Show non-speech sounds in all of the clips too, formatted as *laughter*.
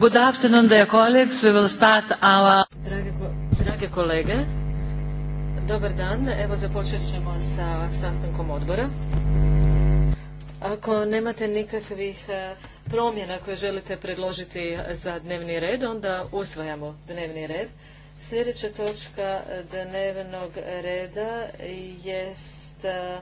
Good afternoon, dear colleagues. We will start Drage, drage kolege, dobar dan. Evo započet ćemo sa sastankom odbora. Ako nemate nikakvih e, promjena koje želite predložiti za dnevni red, onda usvajamo dnevni red. Sljedeća točka dnevnog reda jest e,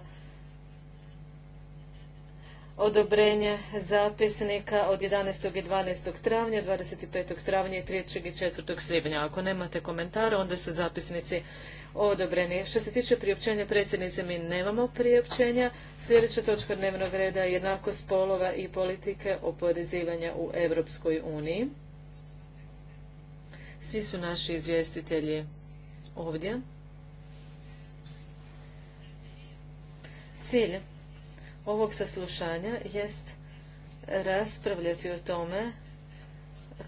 odobrenje zapisnika od 11. i 12. travnja, 25. travnja i 3. i 4. svibnja. Ako nemate komentara, onda su zapisnici odobreni. Što se tiče priopćenja predsjednice, mi nemamo priopćenja. Sljedeća točka dnevnog reda je jednakost spolova i politike oporezivanja u Europskoj uniji. Svi su naši izvjestitelji ovdje. Cilj ovog saslušanja jest raspravljati o tome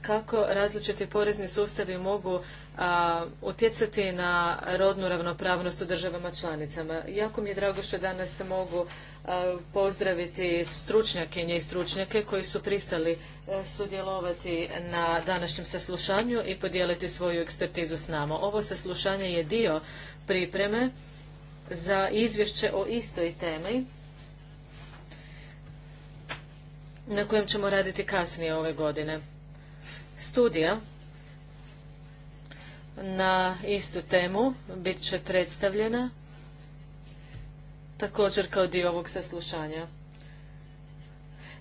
kako različiti porezni sustavi mogu utjecati na rodnu ravnopravnost u državama članicama. Jako mi je drago što danas mogu pozdraviti stručnjakinje i stručnjake koji su pristali e, sudjelovati na današnjem saslušanju i podijeliti svoju ekspertizu s nama. Ovo saslušanje je dio pripreme za izvješće o istoj temi na kojem ćemo raditi kasnije ove godine. Studija na istu temu bit će predstavljena također kao dio ovog saslušanja.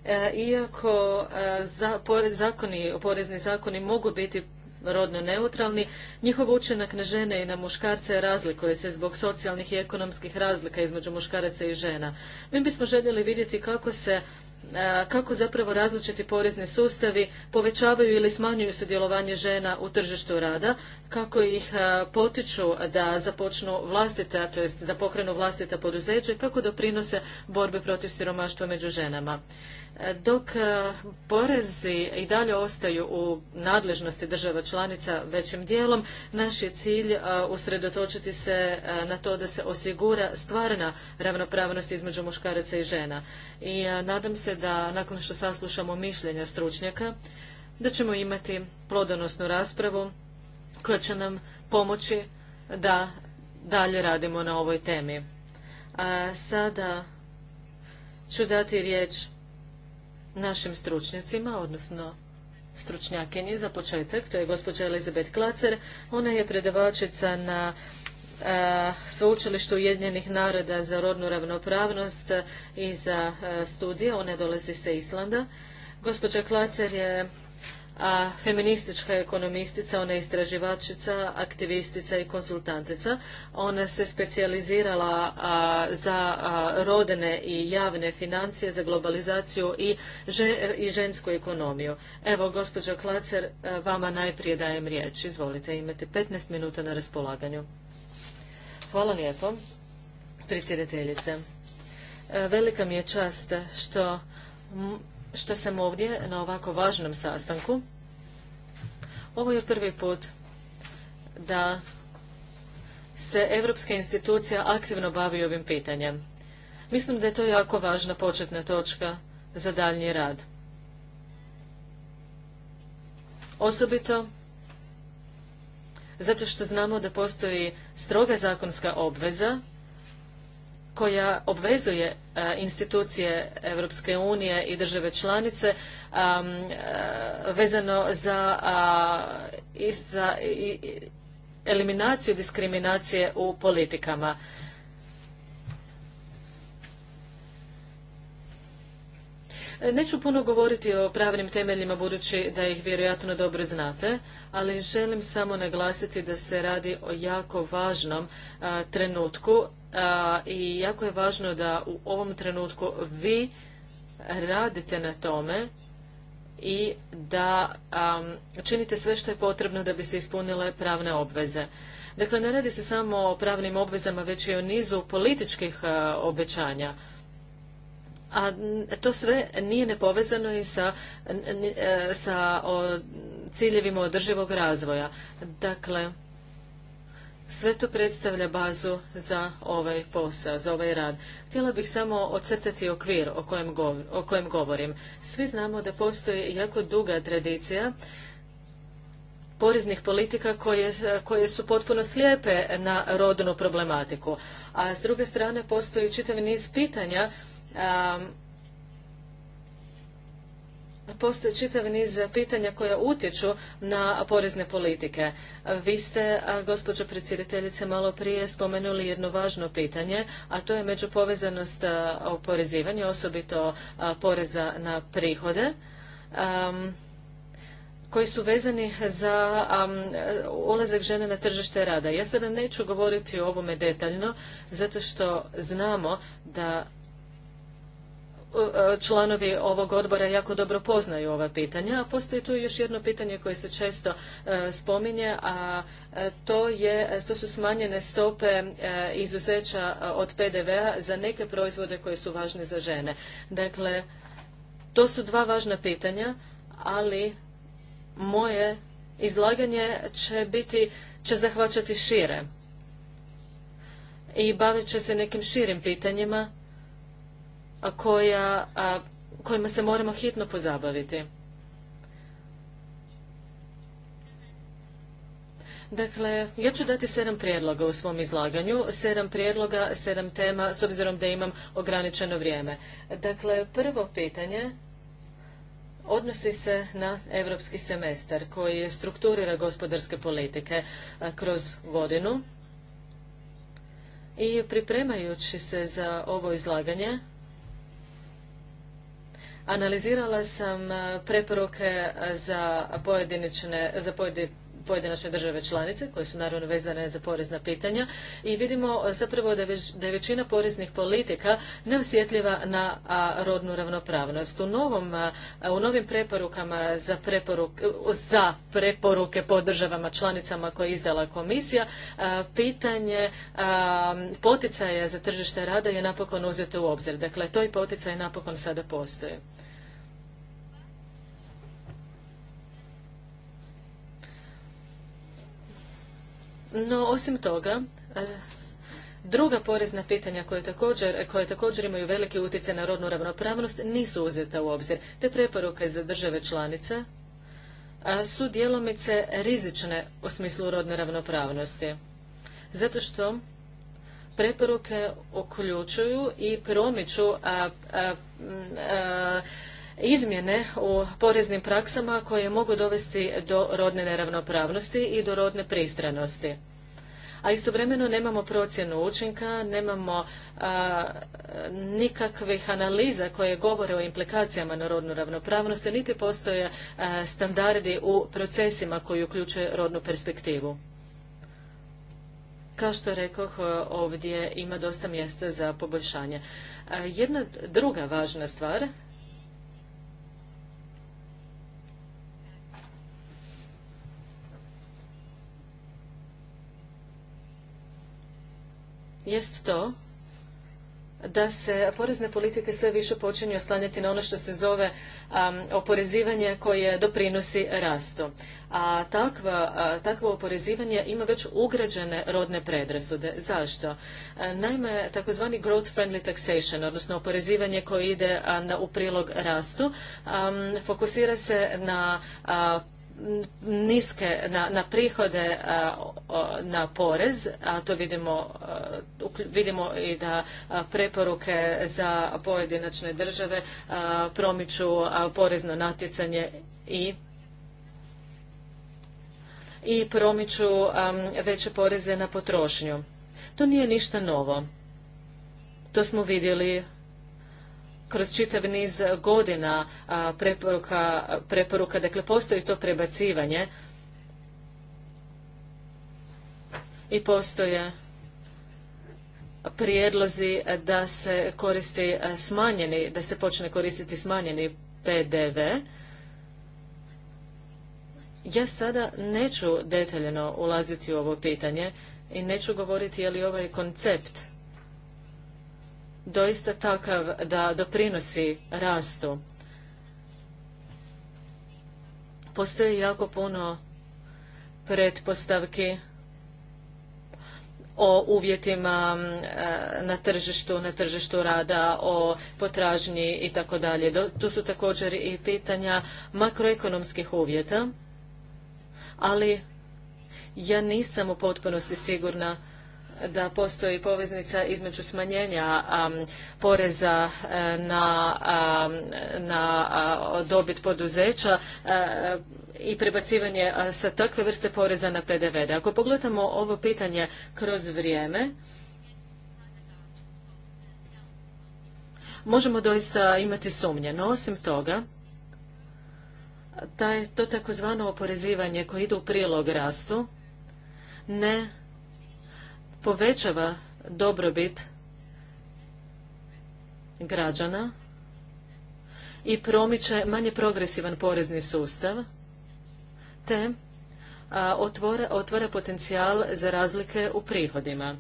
E, iako e, porezni zakoni mogu biti rodno neutralni, njihov učinak na žene i na muškarce razlikuje se zbog socijalnih i ekonomskih razlika između muškaraca i žena. Mi bismo željeli vidjeti kako se E, kako zapravo različiti porezni sustavi povećavaju ili smanjuju sudjelovanje žena u tržištu rada, kako ih e, potiču da započnu vlastita, to jest da pokrenu vlastita poduzeća i kako doprinose borbi protiv siromaštva među ženama dok e, porezi i dalje ostaju u nadležnosti država članica većim dijelom, naš je cilj e, usredotočiti se e, na to da se osigura stvarna ravnopravnost između muškaraca i žena. I nadam se da nakon što saslušamo mišljenja stručnjaka, da ćemo imati plodonosnu raspravu koja će nam pomoći da dalje radimo na ovoj temi. sada ću dati riječ našim stručnjacima, odnosno stručnjakinji za početak, to je gospođa Elizabeth Klacer. Ona je predavačica na sveučilištu Ujedinjenih naroda za rodnu ravnopravnost i za studije. Ona dolazi sa Islanda. Gospođa Klacer je a feministička ekonomistica, ona je istraživačica, aktivistica i konsultantica. Ona se specijalizirala za rodene i javne financije, za globalizaciju i, i žensku ekonomiju. Evo, gospođo Klacer, vama najprije dajem riječ. Izvolite, imate 15 minuta na raspolaganju. Hvala lijepo, predsjedateljice. Velika mi je čast što što sam ovdje na ovako važnom sastanku. Ovo je prvi put da se Europska institucija aktivno bavi ovim pitanjem. Mislim da je to jako važna početna točka za daljnji rad. Osobito zato što znamo da postoji stroga zakonska obveza koja obvezuje e, institucije Europske unije i države članice e, vezano za, za eliminaciju diskriminacije u politikama. Neću puno govoriti o pravnim temeljima budući da ih vjerojatno dobro znate, ali želim samo naglasiti da se radi o jako važnom trenutku i jako je važno da u ovom trenutku vi radite na tome i da činite sve što je potrebno da bi se ispunile pravne obveze. Dakle, ne radi se samo o pravnim obvezama, već i o nizu političkih obećanja a to sve nije nepovezano i sa, sa ciljevima održivog razvoja. Dakle, sve to predstavlja bazu za ovaj posao, za ovaj rad. Htjela bih samo ocrtati okvir o kojem, govorim, Svi znamo da postoji jako duga tradicija poreznih politika koje, koje su potpuno slijepe na rodnu problematiku. A s druge strane postoji čitav niz pitanja postoji čitav niz pitanja koja utječu na porezne politike. Vi ste, gospođo predsjediteljice, malo prije spomenuli jedno važno pitanje, a to je međupovezanost oporezivanja, osobito poreza na prihode. koji su vezani za ulazak žene na tržište rada. Ja sada neću govoriti o ovome detaljno, zato što znamo da E, članovi ovog odbora jako dobro poznaju ova pitanja. A postoji tu još jedno pitanje koje se često e, spominje, a e, to, je, to su smanjene stope izuzeća od PDV-a za neke proizvode koje su važne za žene. Dakle, to su dva važna pitanja, ali moje izlaganje će biti, će zahvaćati šire i bavit će se nekim širim pitanjima koja, a, kojima se moramo hitno pozabaviti. Dakle, ja ću dati sedam prijedloga u svom izlaganju, sedam prijedloga, sedam tema, s obzirom da imam ograničeno vrijeme. Dakle, prvo pitanje odnosi se na europski semestar koji strukturira gospodarske politike kroz godinu. I pripremajući se za ovo izlaganje, Analizirala sam eh, preporuke eh, za pojedinačne, za pojedinačne države članice koje su naravno vezane za porezna pitanja i vidimo e, zapravo da je, većina poreznih politika neosjetljiva na rodnu ravnopravnost. U, novom, u novim preporukama za, preporuke, za preporuke po državama članicama koje je izdala komisija pitanje poticaja za tržište rada je napokon uzeto u obzir. Dakle, to i poticaj napokon sada postoji. No, osim toga, e, druga porezna pitanja koje također, imaju veliki utjecaj na rodnu ravnopravnost nisu uzeta u obzir, te preporuke za države članice su djelomice rizične u smislu rodne ravnopravnosti. Zato što preporuke uključuju i promiču izmjene u poreznim praksama koje mogu dovesti do rodne neravnopravnosti i do rodne pristranosti a istovremeno nemamo procjenu učinka, nemamo nikakvih analiza koje govore o implikacijama na rodnu ravnopravnost, niti postoje standardi u procesima koji uključuje rodnu perspektivu. Kao što rekoh, ovdje ima dosta mjesta za poboljšanje. jedna druga važna stvar jest to da se porezne politike sve više počinju oslanjati na ono što se zove oporezivanje koje doprinosi rastu. A takvo oporezivanje ima već ugrađene rodne predrasude. Zašto? naime, takozvani growth friendly taxation, odnosno oporezivanje koje ide u prilog rastu, fokusira se na niske na, prihode na porez, a to vidimo, vidimo i da preporuke za pojedinačne države promiču porezno natjecanje i i promiču veće poreze na potrošnju. To nije ništa novo. To smo vidjeli kroz čitav niz godina preporuka, preporuka, dakle postoji to prebacivanje i postoje prijedlozi da se koristi smanjeni, da se počne koristiti smanjeni PDV. Ja sada neću detaljno ulaziti u ovo pitanje i neću govoriti je li ovaj koncept doista takav da doprinosi rastu. Postoji jako puno pretpostavki o uvjetima e, na tržištu, na tržištu rada, o potražnji i tako dalje. Tu su također i pitanja makroekonomskih uvjeta, ali ja nisam u potpunosti sigurna da postoji poveznica između smanjenja poreza e, na, dobit poduzeća e, i prebacivanje sa takve vrste poreza na PDV. Ako pogledamo ovo pitanje kroz vrijeme, možemo doista imati sumnje. No, osim toga, to takozvano oporezivanje koje ide u prilog rastu ne povećava dobrobit građana i promiče manje progresivan porezni sustav, te otvara potencijal za razlike u prihodima.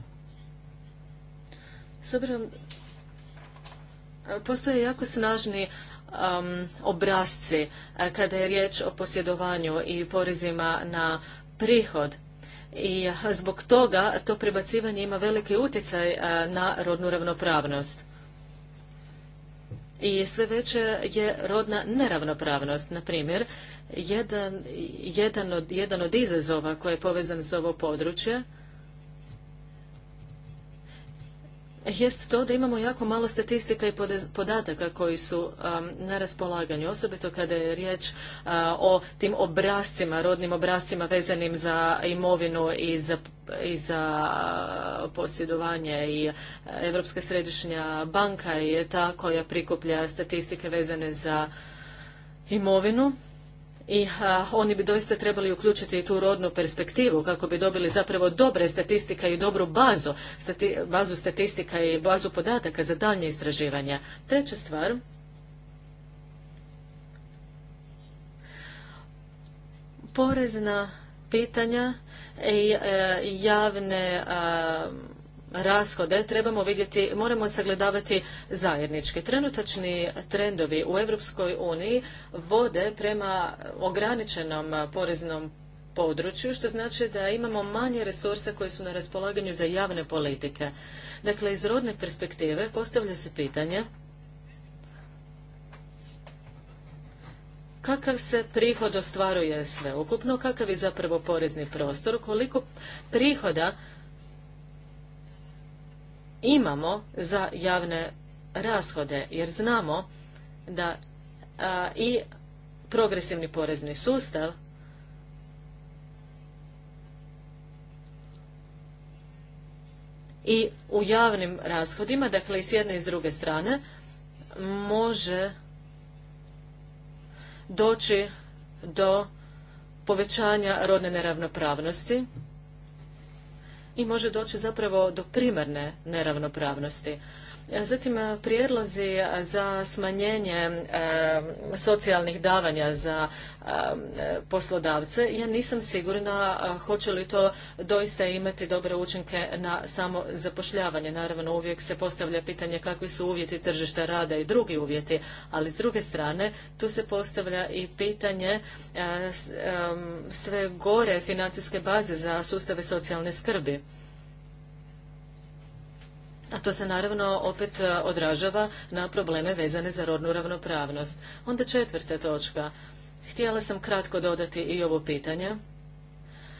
S obzirom, postoje jako snažni obrasci obrazci kada je riječ o posjedovanju i porezima na prihod i zbog toga to prebacivanje ima veliki utjecaj na rodnu ravnopravnost. I sve veće je rodna neravnopravnost. Na primjer, jedan, jedan, od, jedan od izazova koji je povezan s ovo područje jest to da imamo jako malo statistika i podataka koji su um, na raspolaganju, osobito kada je riječ uh, o tim obrascima, rodnim obrascima vezanim za imovinu i za, uh, posjedovanje i uh, Europska središnja banka je ta koja prikuplja statistike vezane za imovinu i eh, oni bi doista trebali uključiti i tu rodnu perspektivu kako bi dobili zapravo dobre statistika i dobru bazu, statistika i bazu podataka za daljnje istraživanja. Treća stvar, porezna pitanja i eh, javne eh, rashode trebamo vidjeti, moramo sagledavati zajednički. Trenutačni trendovi u Europskoj uniji vode prema ograničenom poreznom području, što znači da imamo manje resursa koji su na raspolaganju za javne politike. Dakle, iz rodne perspektive postavlja se pitanje kakav se prihod ostvaruje sveukupno, kakav je zapravo porezni prostor, koliko prihoda imamo za javne rashode, jer znamo da i progresivni porezni sustav i u javnim rashodima, dakle i s jedne i s druge strane, može doći do povećanja rodne neravnopravnosti i može doći zapravo do primarne neravnopravnosti. Zatim e, prijedlozi za smanjenje e, socijalnih davanja za e, poslodavce. Ja nisam sigurna hoće li to doista imati dobre učinke na samo zapošljavanje. Naravno uvijek se postavlja pitanje kakvi su uvjeti tržišta rada i drugi uvjeti, ali s druge strane tu se postavlja i pitanje sve gore financijske baze za sustave socijalne skrbi a to se naravno opet e, odražava na probleme vezane za rodnu ravnopravnost. Onda četvrta točka. Htjela sam kratko dodati i ovo pitanje.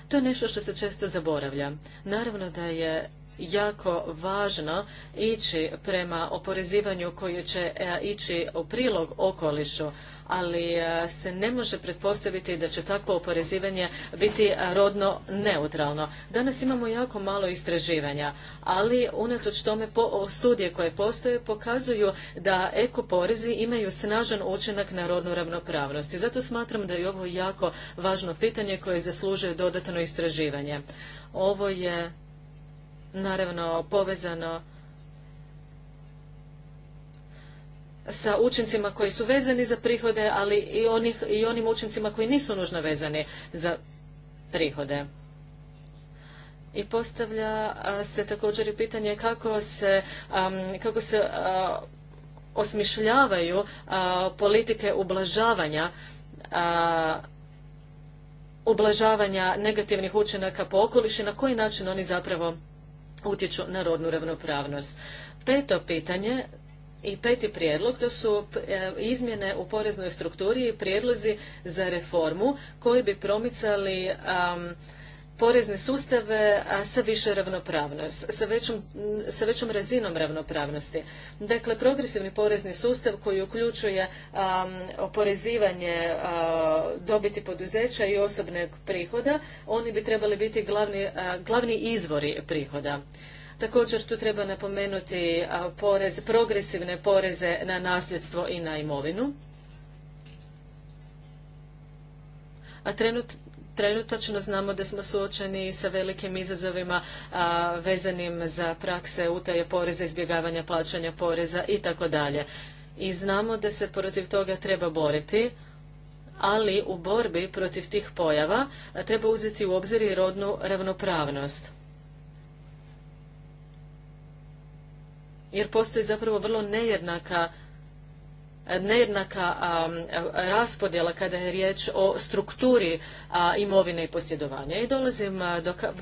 To je nešto što se često zaboravlja. Naravno da je jako važno ići prema oporezivanju koje će e, ići u prilog okolišu, ali e, se ne može pretpostaviti da će takvo oporezivanje biti e, rodno neutralno. Danas imamo jako malo istraživanja, ali unatoč tome studije koje postoje pokazuju da ekoporezi imaju snažan učinak na rodnu ravnopravnost. I zato smatram da je ovo jako važno pitanje koje zaslužuje dodatno istraživanje. Ovo je naravno povezano sa učincima koji su vezani za prihode, ali i, onih, i onim učincima koji nisu nužno vezani za prihode. I postavlja se također i pitanje kako se, kako se osmišljavaju politike ublažavanja ublažavanja negativnih učinaka po i na koji način oni zapravo utječu na rodnu ravnopravnost. Peto pitanje i peti prijedlog, to su e, izmjene u poreznoj strukturi i prijedlozi za reformu koji bi promicali porezne sustave sa više ravnopravnosti, sa većom, razinom ravnopravnosti. Dakle, progresivni porezni sustav koji uključuje oporezivanje dobiti poduzeća i osobne prihoda, oni bi trebali biti glavni, glavni izvori prihoda. Također tu treba napomenuti porez, progresivne poreze na nasljedstvo i na imovinu. A trenut, trenutačno znamo da smo suočeni sa velikim izazovima vezanim za prakse utaje poreza, izbjegavanja plaćanja poreza i tako dalje. I znamo da se protiv toga treba boriti, ali u borbi protiv tih pojava treba uzeti u obzir i rodnu ravnopravnost. jer postoji zapravo vrlo nejednaka nejednaka raspodjela kada je riječ o strukturi imovine i posjedovanja. I dolazim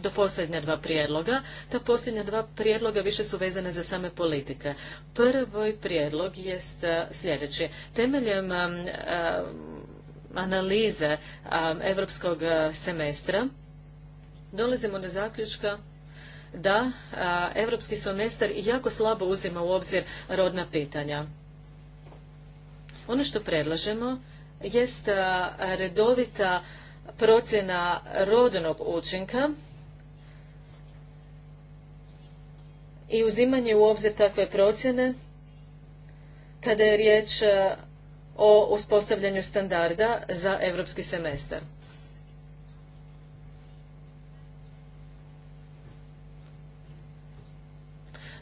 do, posljednja dva prijedloga. Ta posljednja dva prijedloga više su vezane za same politike. Prvi prijedlog jest sljedeći. Temeljem analize europskog semestra dolazimo do zaključka da europski semestar jako slabo uzima u obzir rodna pitanja. Ono što predlažemo jest redovita procjena rodnog učinka i uzimanje u obzir takve procjene kada je riječ o uspostavljanju standarda za europski semestar.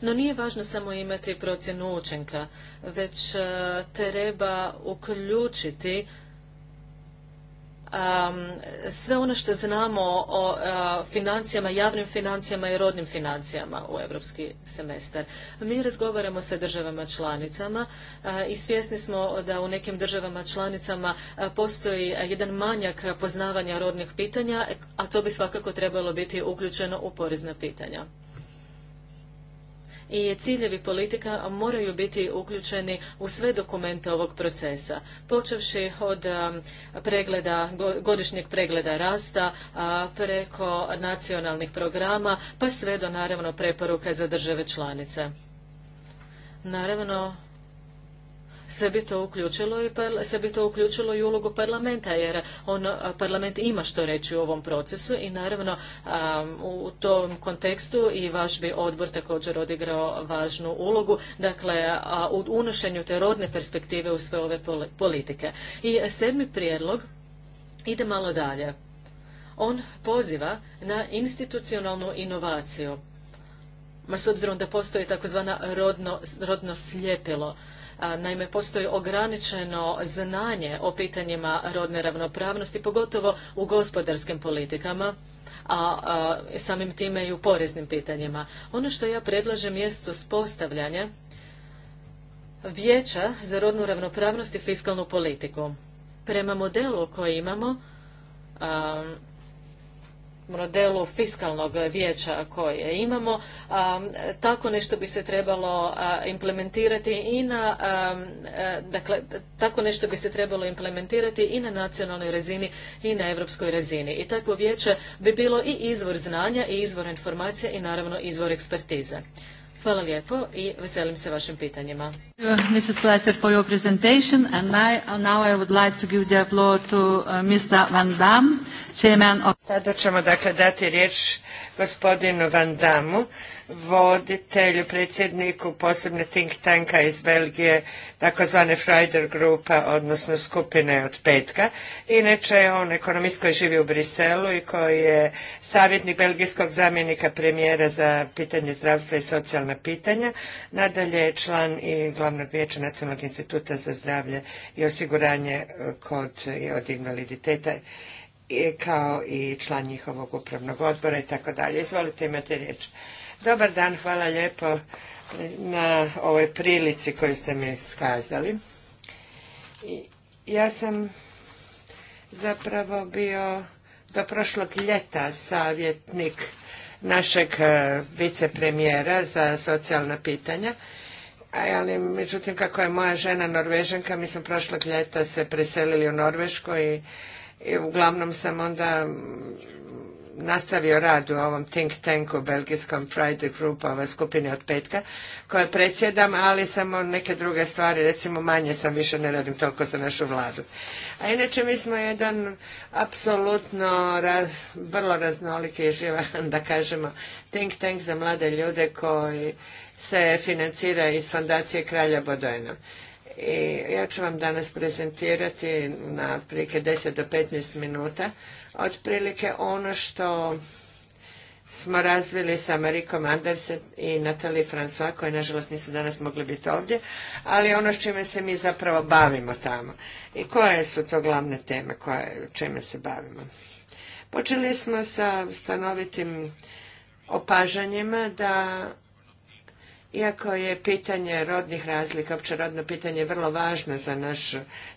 No nije važno samo imati procjenu učinka, već e, treba uključiti sve ono što znamo o e, financijama, javnim financijama i rodnim financijama u europski semestar. Mi razgovaramo sa državama članicama i svjesni smo da u nekim državama članicama postoji jedan manjak poznavanja rodnih pitanja, a to bi svakako trebalo biti uključeno u porezna pitanja i ciljevi politika moraju biti uključeni u sve dokumente ovog procesa, počevši od um, pregleda, godišnjeg pregleda rasta preko nacionalnih programa pa sve do naravno preporuka za države članice. Naravno, sve bi to uključilo i to uključilo i ulogu parlamenta jer on parlament ima što reći u ovom procesu i naravno u tom kontekstu i vaš bi odbor također odigrao važnu ulogu dakle u unošenju te rodne perspektive u sve ove politike. I sedmi prijedlog ide malo dalje. On poziva na institucionalnu inovaciju. Ma s obzirom da postoji takozvani rodno, rodno sljepilo. Naime, postoji ograničeno znanje o pitanjima rodne ravnopravnosti, pogotovo u gospodarskim politikama a, samim time i u poreznim pitanjima. Ono što ja predlažem jest uspostavljanje Vijeća za rodnu ravnopravnost i fiskalnu politiku. Prema modelu koji imamo, modelu fiskalnog vijeća koje imamo, tako nešto bi se trebalo implementirati i na, dakle, tako nešto bi se trebalo implementirati i na nacionalnoj razini i na europskoj razini. I takvo vijeće bi bilo i izvor znanja i izvor informacija i naravno izvor ekspertize. Hvala lijepo i veselim se vašim pitanjima. Uh, Mrs. Placer for your presentation and I, uh, now I would like to give the floor to uh, Mr. Van Dam, chairman of... Sada ćemo dakle dati riječ gospodinu Van Damu, voditelju, predsjedniku posebne think tanka iz Belgije, takozvane Freider grupa, odnosno skupine od petka. Inače je on ekonomist koji živi u Briselu i koji je savjetnik belgijskog zamjenika premijera za pitanje zdravstva i socijalna pitanja. Nadalje je član i glavnog vijeća Nacionalnog instituta za zdravlje i osiguranje e, kod i od invaliditeta kao i član njihovog upravnog odbora i tako dalje. Izvolite, imate riječ. Dobar dan, hvala lijepo na ovoj prilici koju ste mi skazali. Ja sam zapravo bio do prošlog ljeta savjetnik našeg e, vicepremijera za socijalna pitanja ali međutim kako je moja žena Norvežanka, mi smo prošlog ljeta se preselili u Norvešku i uglavnom sam onda nastavio rad u ovom think tanku belgijskom Friday Group, ova skupini od petka, koja predsjedam, ali samo neke druge stvari, recimo manje sam više ne radim toliko za našu vladu. A inače mi smo jedan apsolutno vrlo raznoliki i živan *laughs* da kažemo, think tank za mlade ljude koji se financira iz fondacije Kralja Bodojna. I ja ću vam danas prezentirati na otprilike 10 do 15 minuta otprilike ono što smo razvili sa Marikom Andersen i Natalie François, koje nažalost nisu danas mogli biti ovdje, ali ono s čime se mi zapravo bavimo tamo. I koje su to glavne teme koje, čime se bavimo? Počeli smo sa stanovitim opažanjima da iako je pitanje rodnih razlika, opće rodno pitanje, vrlo važno za naš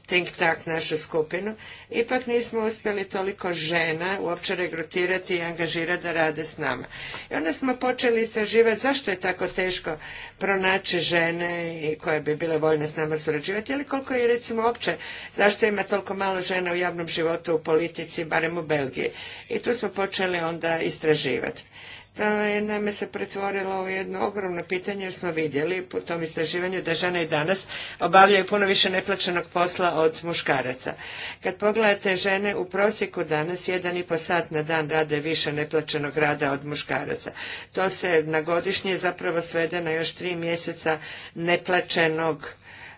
think tank, našu skupinu, ipak nismo uspjeli toliko žena uopće regrutirati i angažirati da rade s nama. I onda smo počeli istraživati zašto je tako teško pronaći žene i koje bi bile voljne s nama surađivati, ili koliko je recimo opće, zašto ima toliko malo žena u javnom životu, u politici, barem u Belgiji. I tu smo počeli onda istraživati. E, naime se pretvorilo u jedno ogromno pitanje jer smo vidjeli po tom istraživanju da žene i danas obavljaju puno više neplaćenog posla od muškaraca. Kad pogledate žene u prosjeku danas jedan i po sat na dan rade više neplaćenog rada od muškaraca. To se na godišnje zapravo svede na još tri mjeseca neplaćenog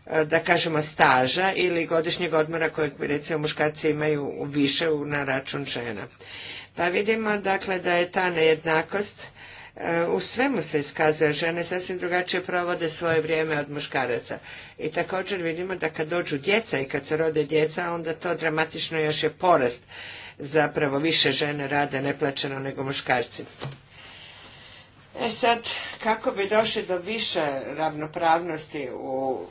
e, da kažemo staža ili godišnjeg odmora kojeg recimo muškarci imaju više na račun žena. Pa vidimo dakle da je ta nejednakost e, u svemu se iskazuje. Žene sasvim drugačije provode svoje vrijeme od muškaraca. I također vidimo da kad dođu djeca i kad se rode djeca, onda to dramatično još je porast. Zapravo više žene rade neplaćeno nego muškarci. E sad, kako bi došli do više ravnopravnosti u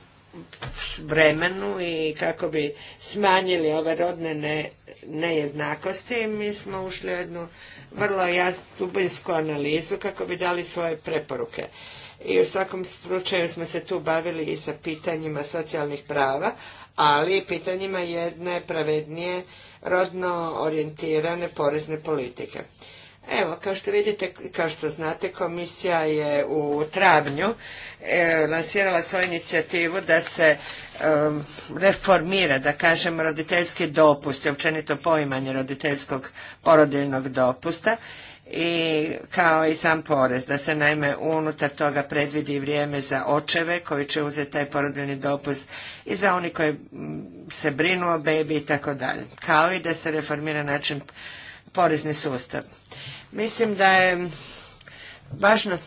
vremenu i kako bi smanjili ove rodne nejednakosti, mi smo ušli u jednu vrlo jasnu analizu kako bi dali svoje preporuke. I u svakom slučaju smo se tu bavili i sa pitanjima socijalnih prava, ali i pitanjima jedne pravednije rodno orijentirane porezne politike. Evo, kao što vidite, kao što znate, komisija je u travnju e, lansirala svoju inicijativu da se reformira, da kažem, roditeljski dopust općenito poimanje roditeljskog porodiljnog dopusta i kao i sam porez, da se naime unutar toga predvidi vrijeme za očeve koji će uzeti taj porodiljni dopust i za oni koji mm, se brinu o bebi i tako dalje, kao i da se reformira način porezni sustav. Mislim da je važna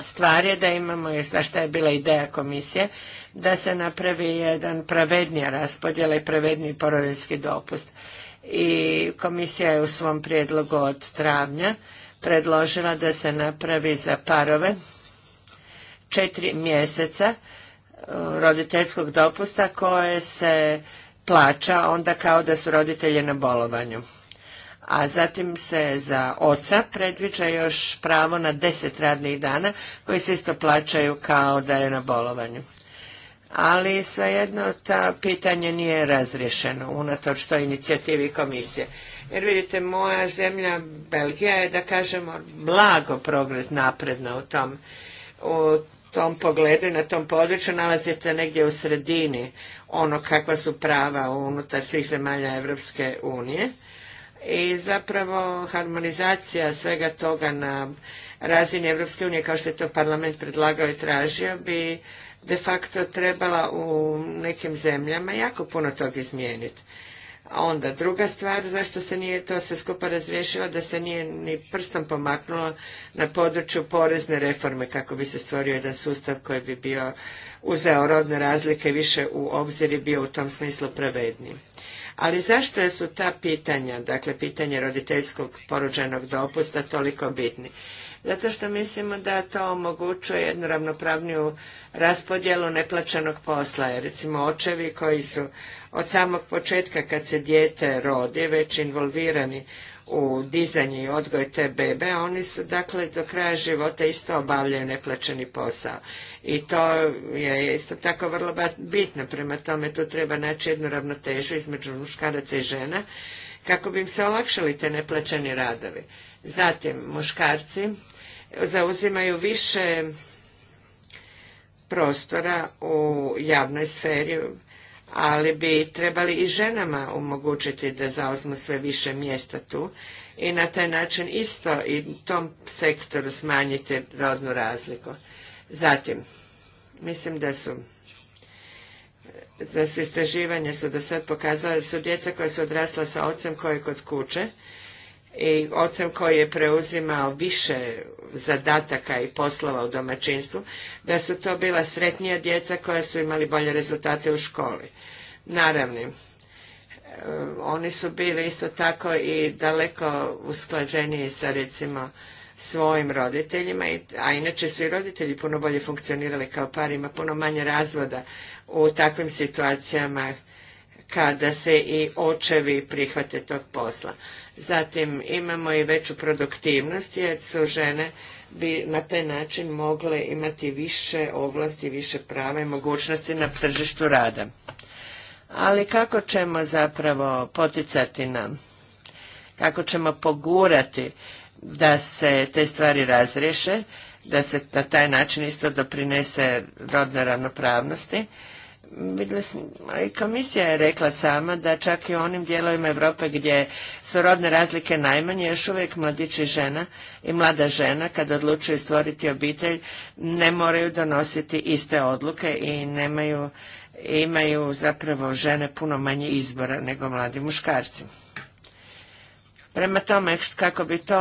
stvar je da imamo što šta je bila ideja komisije, da se napravi jedan pravednija raspodjela i pravedniji porodiljski dopust. I komisija je u svom prijedlogu od travnja predložila da se napravi za parove četiri mjeseca e, roditeljskog dopusta koje se plaća onda kao da su roditelji na bolovanju a zatim se za oca predviđa još pravo na deset radnih dana koji se isto plaćaju kao da je na bolovanju. Ali svejedno ta pitanje nije razriješeno unatoč toj inicijativi komisije. Jer vidite, moja zemlja Belgija je, da kažemo, blago progres napredna u tom, u tom pogledu i na tom području nalazite negdje u sredini ono kakva su prava unutar svih zemalja Evropske unije i zapravo harmonizacija svega toga na razini Europske unije kao što je to parlament predlagao i tražio bi de facto trebala u nekim zemljama jako puno toga izmijeniti. A onda druga stvar, zašto se nije to sve skupa razriješilo, da se nije ni prstom pomaknulo na području porezne reforme kako bi se stvorio jedan sustav koji bi bio uzeo rodne razlike više u obzir i bio u tom smislu pravedniji. Ali zašto su ta pitanja, dakle pitanje roditeljskog porođajnog dopusta toliko bitni? Zato što mislimo da to omogućuje jednu ravnopravniju raspodjelu neplaćenog posla. Recimo očevi koji su od samog početka kad se dijete rodi već involvirani u dizanje i odgoj te bebe, oni su dakle do kraja života isto obavljaju neplaćeni posao i to je isto tako vrlo bitno. Prema tome tu treba naći jednu ravnotežu između muškaraca i žena kako bi im se olakšali te neplaćeni radovi. Zatim, muškarci zauzimaju više prostora u javnoj sferi, ali bi trebali i ženama omogućiti da zauzmu sve više mjesta tu i na taj način isto i tom sektoru smanjiti rodnu razliku. Zatim, mislim da su da su istraživanja su da sad pokazala da su djeca koja su odrasla sa ocem koji je kod kuće i ocem koji je preuzimao više zadataka i poslova u domaćinstvu, da su to bila sretnija djeca koja su imali bolje rezultate u školi. Naravno, e, oni su bili isto tako i daleko usklađeniji sa recimo svojim roditeljima, a inače su i roditelji puno bolje funkcionirali kao par, ima puno manje razvoda u takvim situacijama kada se i očevi prihvate tog posla. Zatim imamo i veću produktivnost jer su žene bi na taj način mogle imati više ovlasti, više prava i mogućnosti na tržištu rada. Ali kako ćemo zapravo poticati nam, kako ćemo pogurati da se te stvari razriješe, da se na taj način isto doprinese rodne ravnopravnosti. komisija je rekla sama da čak i u onim dijelovima Europe gdje su rodne razlike najmanje, još uvijek mladići žena i mlada žena kad odlučuju stvoriti obitelj ne moraju donositi iste odluke i nemaju, imaju zapravo žene puno manje izbora nego mladi muškarci. Prema tome, kako bi to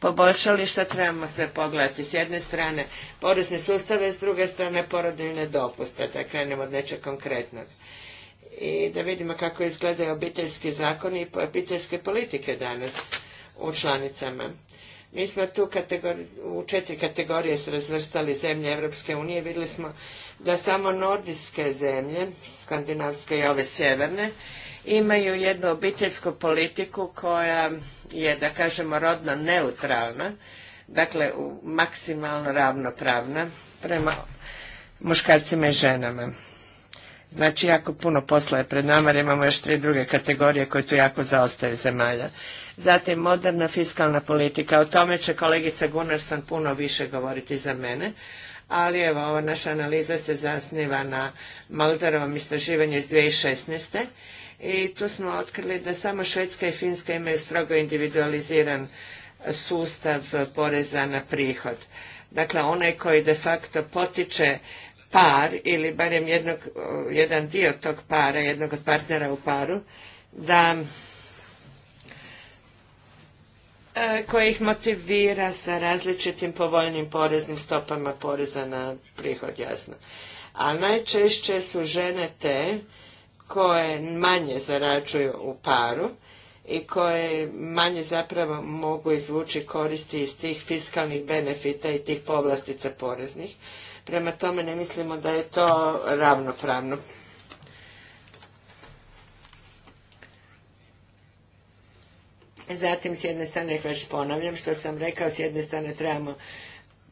poboljšali, što trebamo sve pogledati? S jedne strane porezne sustave, s druge strane porodiljne dopuste, da krenemo od nečeg konkretnog. I da vidimo kako izgledaju obiteljski zakoni i obiteljske politike danas u članicama. Mi smo tu u četiri kategorije se razvrstali zemlje Europske unije. Vidjeli smo da samo nordijske zemlje, skandinavske i ove sjeverne, imaju jednu obiteljsku politiku koja je, da kažemo, rodno neutralna, dakle maksimalno ravnopravna prema muškarcima i ženama. Znači, jako puno posla je pred nama, jer imamo još tri druge kategorije koje tu jako zaostaju zemalja. Zatim, moderna fiskalna politika. O tome će kolegica Gunnarsson puno više govoriti za mene, ali evo, ova naša analiza se zasniva na Malderovom istraživanju iz 2016 i tu smo otkrili da samo Švedska i Finska imaju strogo individualiziran sustav poreza na prihod. Dakle, onaj koji de facto potiče par ili barem jednog, jedan dio tog para, jednog od partnera u paru, da e, koji ih motivira sa različitim povoljnim poreznim stopama poreza na prihod, jasno. A najčešće su žene te koje manje zarađuju u paru i koje manje zapravo mogu izvući koristi iz tih fiskalnih benefita i tih povlastica poreznih. Prema tome ne mislimo da je to ravnopravno. Zatim, s jedne strane, već ponavljam što sam rekao, s jedne strane trebamo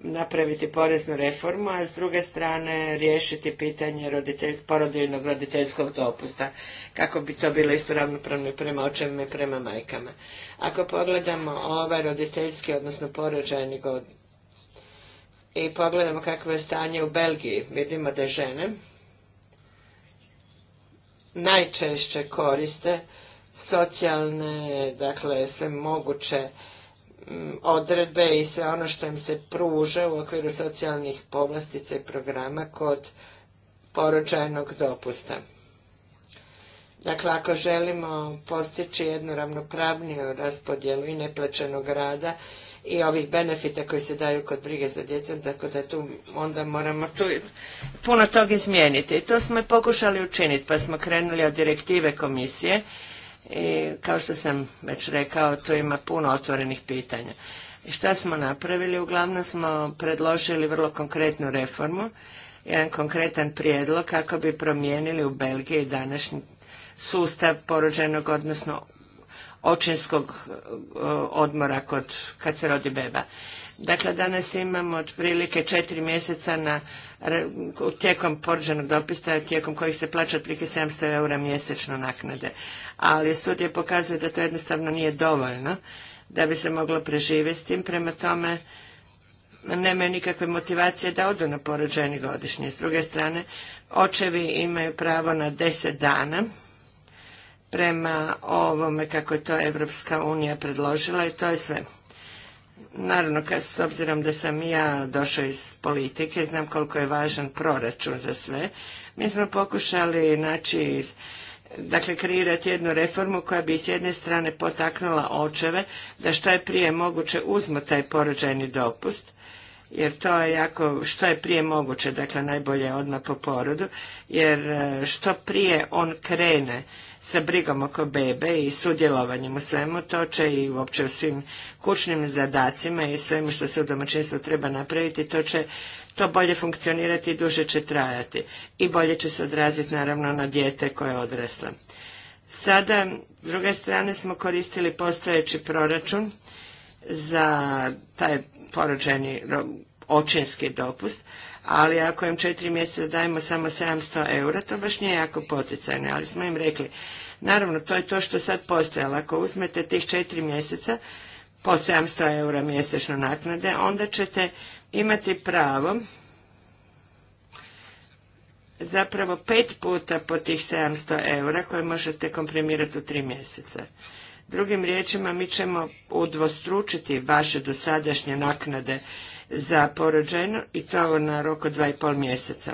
napraviti poreznu reformu, a s druge strane riješiti pitanje roditelj, porodiljnog roditeljskog dopusta, kako bi to bilo isto ravnopravno prema očevima i prema majkama. Ako pogledamo ovaj roditeljski, odnosno porođajni god i pogledamo kakvo je stanje u Belgiji, vidimo da žene najčešće koriste socijalne, dakle, sve moguće Mm, odredbe i sve ono što im se pruža u okviru socijalnih povlastica i programa kod porođajnog dopusta. Dakle, ako želimo postići jednu ravnopravniju raspodjelu i neplaćenog rada i ovih benefita koji se daju kod brige za djecu, tako da tu onda moramo tu puno toga izmijeniti. I to smo i pokušali učiniti, pa smo krenuli od direktive komisije i kao što sam već rekao, tu ima puno otvorenih pitanja. I šta smo napravili? Uglavnom smo predložili vrlo konkretnu reformu, jedan konkretan prijedlog kako bi promijenili u Belgiji današnji sustav porođenog, odnosno očinskog e, odmora kod, kad se rodi beba. Dakle, danas imamo otprilike četiri mjeseca na tijekom porođenog dopista, tijekom kojih se plaća otprilike 700 eura mjesečno naknade. Ali studije pokazuju da to jednostavno nije dovoljno da bi se moglo preživjeti s tim, prema tome nemaju nikakve motivacije da odu na porođeni godišnji. S druge strane, očevi imaju pravo na 10 dana prema ovome kako je to Evropska unija predložila i to je sve. Naravno, kad, s obzirom da sam ja došao iz politike, znam koliko je važan proračun za sve. Mi smo pokušali naći, dakle, kreirati jednu reformu koja bi s jedne strane potaknula očeve da što je prije moguće uzmu taj porođajni dopust, jer to je jako, što je prije moguće, dakle najbolje odmah po porodu, jer eh, što prije on krene sa brigom oko bebe i sudjelovanjem u svemu to će i uopće u svim kućnim zadacima i svemu što se u domaćinstvu treba napraviti, to će to bolje funkcionirati i duže će trajati i bolje će se odraziti naravno na dijete koje je odrasla. Sada, s druge strane, smo koristili postojeći proračun za taj porođeni očinski dopust, ali ako im četiri mjeseca dajemo samo 700 eura, to baš nije jako poticajno, ali smo im rekli, naravno to je to što sad postoje, ali ako uzmete tih četiri mjeseca po 700 eura mjesečno naknade, onda ćete imati pravo zapravo pet puta po tih 700 eura koje možete komprimirati u tri mjeseca. Drugim riječima, mi ćemo udvostručiti vaše dosadašnje naknade za porođeno i to na rok od dva i pol mjeseca.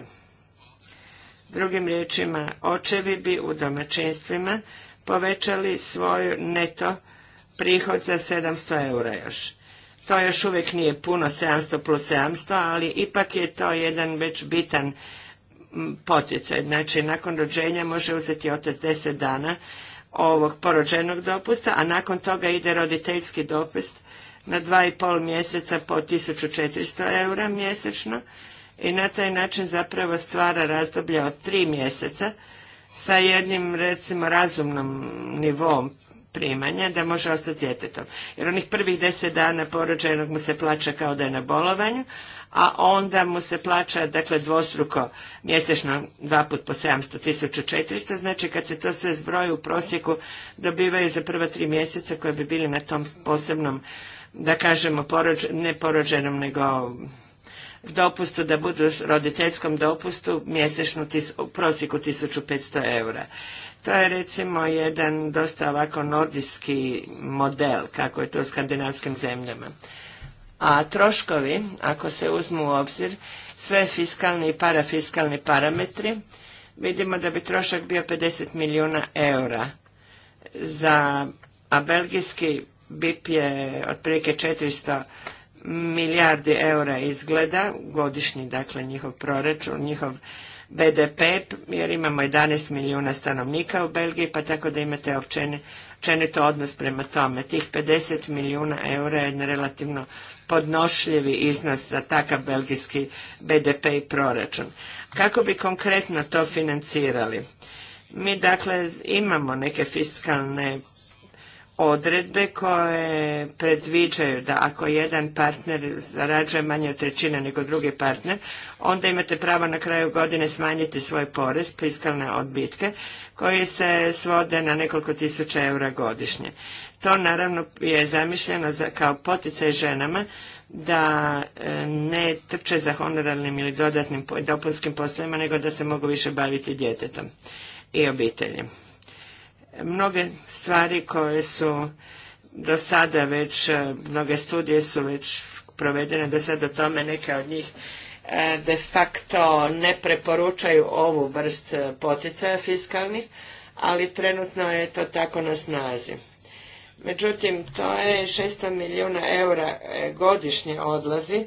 Drugim riječima, očevi bi u domaćinstvima povećali svoj neto prihod za 700 eura još. To još uvijek nije puno, 700 plus 700, ali ipak je to jedan već bitan poticaj. Znači, nakon rođenja može uzeti otac 10 dana ovog porođenog dopusta, a nakon toga ide roditeljski dopust na dva i pol mjeseca po 1400 eura mjesečno i na taj način zapravo stvara razdoblje od tri mjeseca sa jednim recimo razumnom nivom primanja da može ostati djetetom. Jer onih prvih deset dana porođajnog mu se plaća kao da je na bolovanju, a onda mu se plaća dakle dvostruko mjesečno dva put po 700, 1400, znači kad se to sve zbroji u prosjeku dobivaju za prva tri mjeseca koje bi bili na tom posebnom da kažemo ne porođenom nego dopustu da budu roditeljskom dopustu mjesečno u prosjeku 1500 eura. To je recimo jedan dosta ovako nordijski model kako je to u skandinavskim zemljama. A troškovi, ako se uzmu u obzir, sve fiskalni i parafiskalni parametri, vidimo da bi trošak bio 50 milijuna eura za a belgijski BIP je otprilike 400 milijardi eura izgleda, godišnji dakle njihov proračun, njihov BDP, jer imamo 11 milijuna stanovnika u Belgiji, pa tako da imate općenito odnos prema tome. Tih 50 milijuna eura je relativno podnošljivi iznos za takav belgijski BDP i proračun. Kako bi konkretno to financirali? Mi dakle imamo neke fiskalne odredbe koje predviđaju da ako jedan partner zarađuje manje od trećine nego drugi partner, onda imate pravo na kraju godine smanjiti svoj porez, fiskalne odbitke, koji se svode na nekoliko tisuća eura godišnje. To naravno je zamišljeno kao poticaj ženama da e, ne trče za honorarnim ili dodatnim dopunskim poslovima, nego da se mogu više baviti djetetom i obitelji mnoge stvari koje su do sada već, e, mnoge studije su već provedene do sada o tome, neke od njih e, de facto ne preporučaju ovu vrst e, poticaja fiskalnih, ali trenutno je to tako na snazi. Međutim, to je 600 milijuna eura godišnje odlazi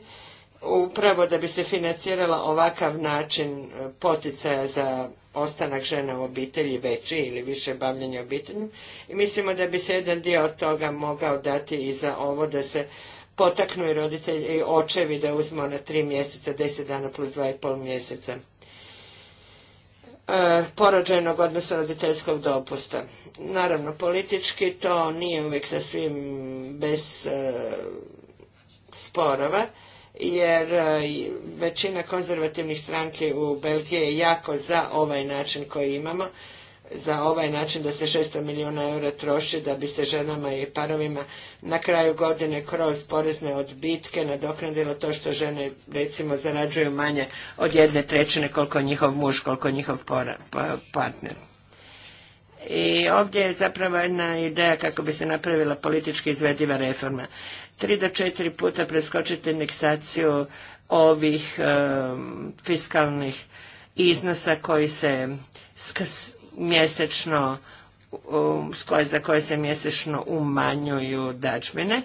upravo da bi se financirala ovakav način e, poticaja za ostanak žena u obitelji veći ili više bavljenja obiteljom i mislimo da bi se jedan dio od toga mogao dati i za ovo da se potaknu i roditelji i očevi da uzmu na tri mjeseca, deset dana plus dva i pol mjeseca e, porođajnog odnosno roditeljskog dopusta. Naravno, politički to nije uvijek svim bez e, sporova, jer e, većina konzervativnih stranki u Belgiji je jako za ovaj način koji imamo, za ovaj način da se 600 milijuna eura troši da bi se ženama i parovima na kraju godine kroz porezne odbitke nadoknadilo to što žene recimo zarađuju manje od jedne trećine koliko njihov muž, koliko njihov pa, partner. I ovdje je zapravo jedna ideja kako bi se napravila politički izvediva reforma tri do četiri puta preskočiti indeksaciju ovih fiskalnih iznosa koji se mjesečno za koje se mjesečno umanjuju dačmine.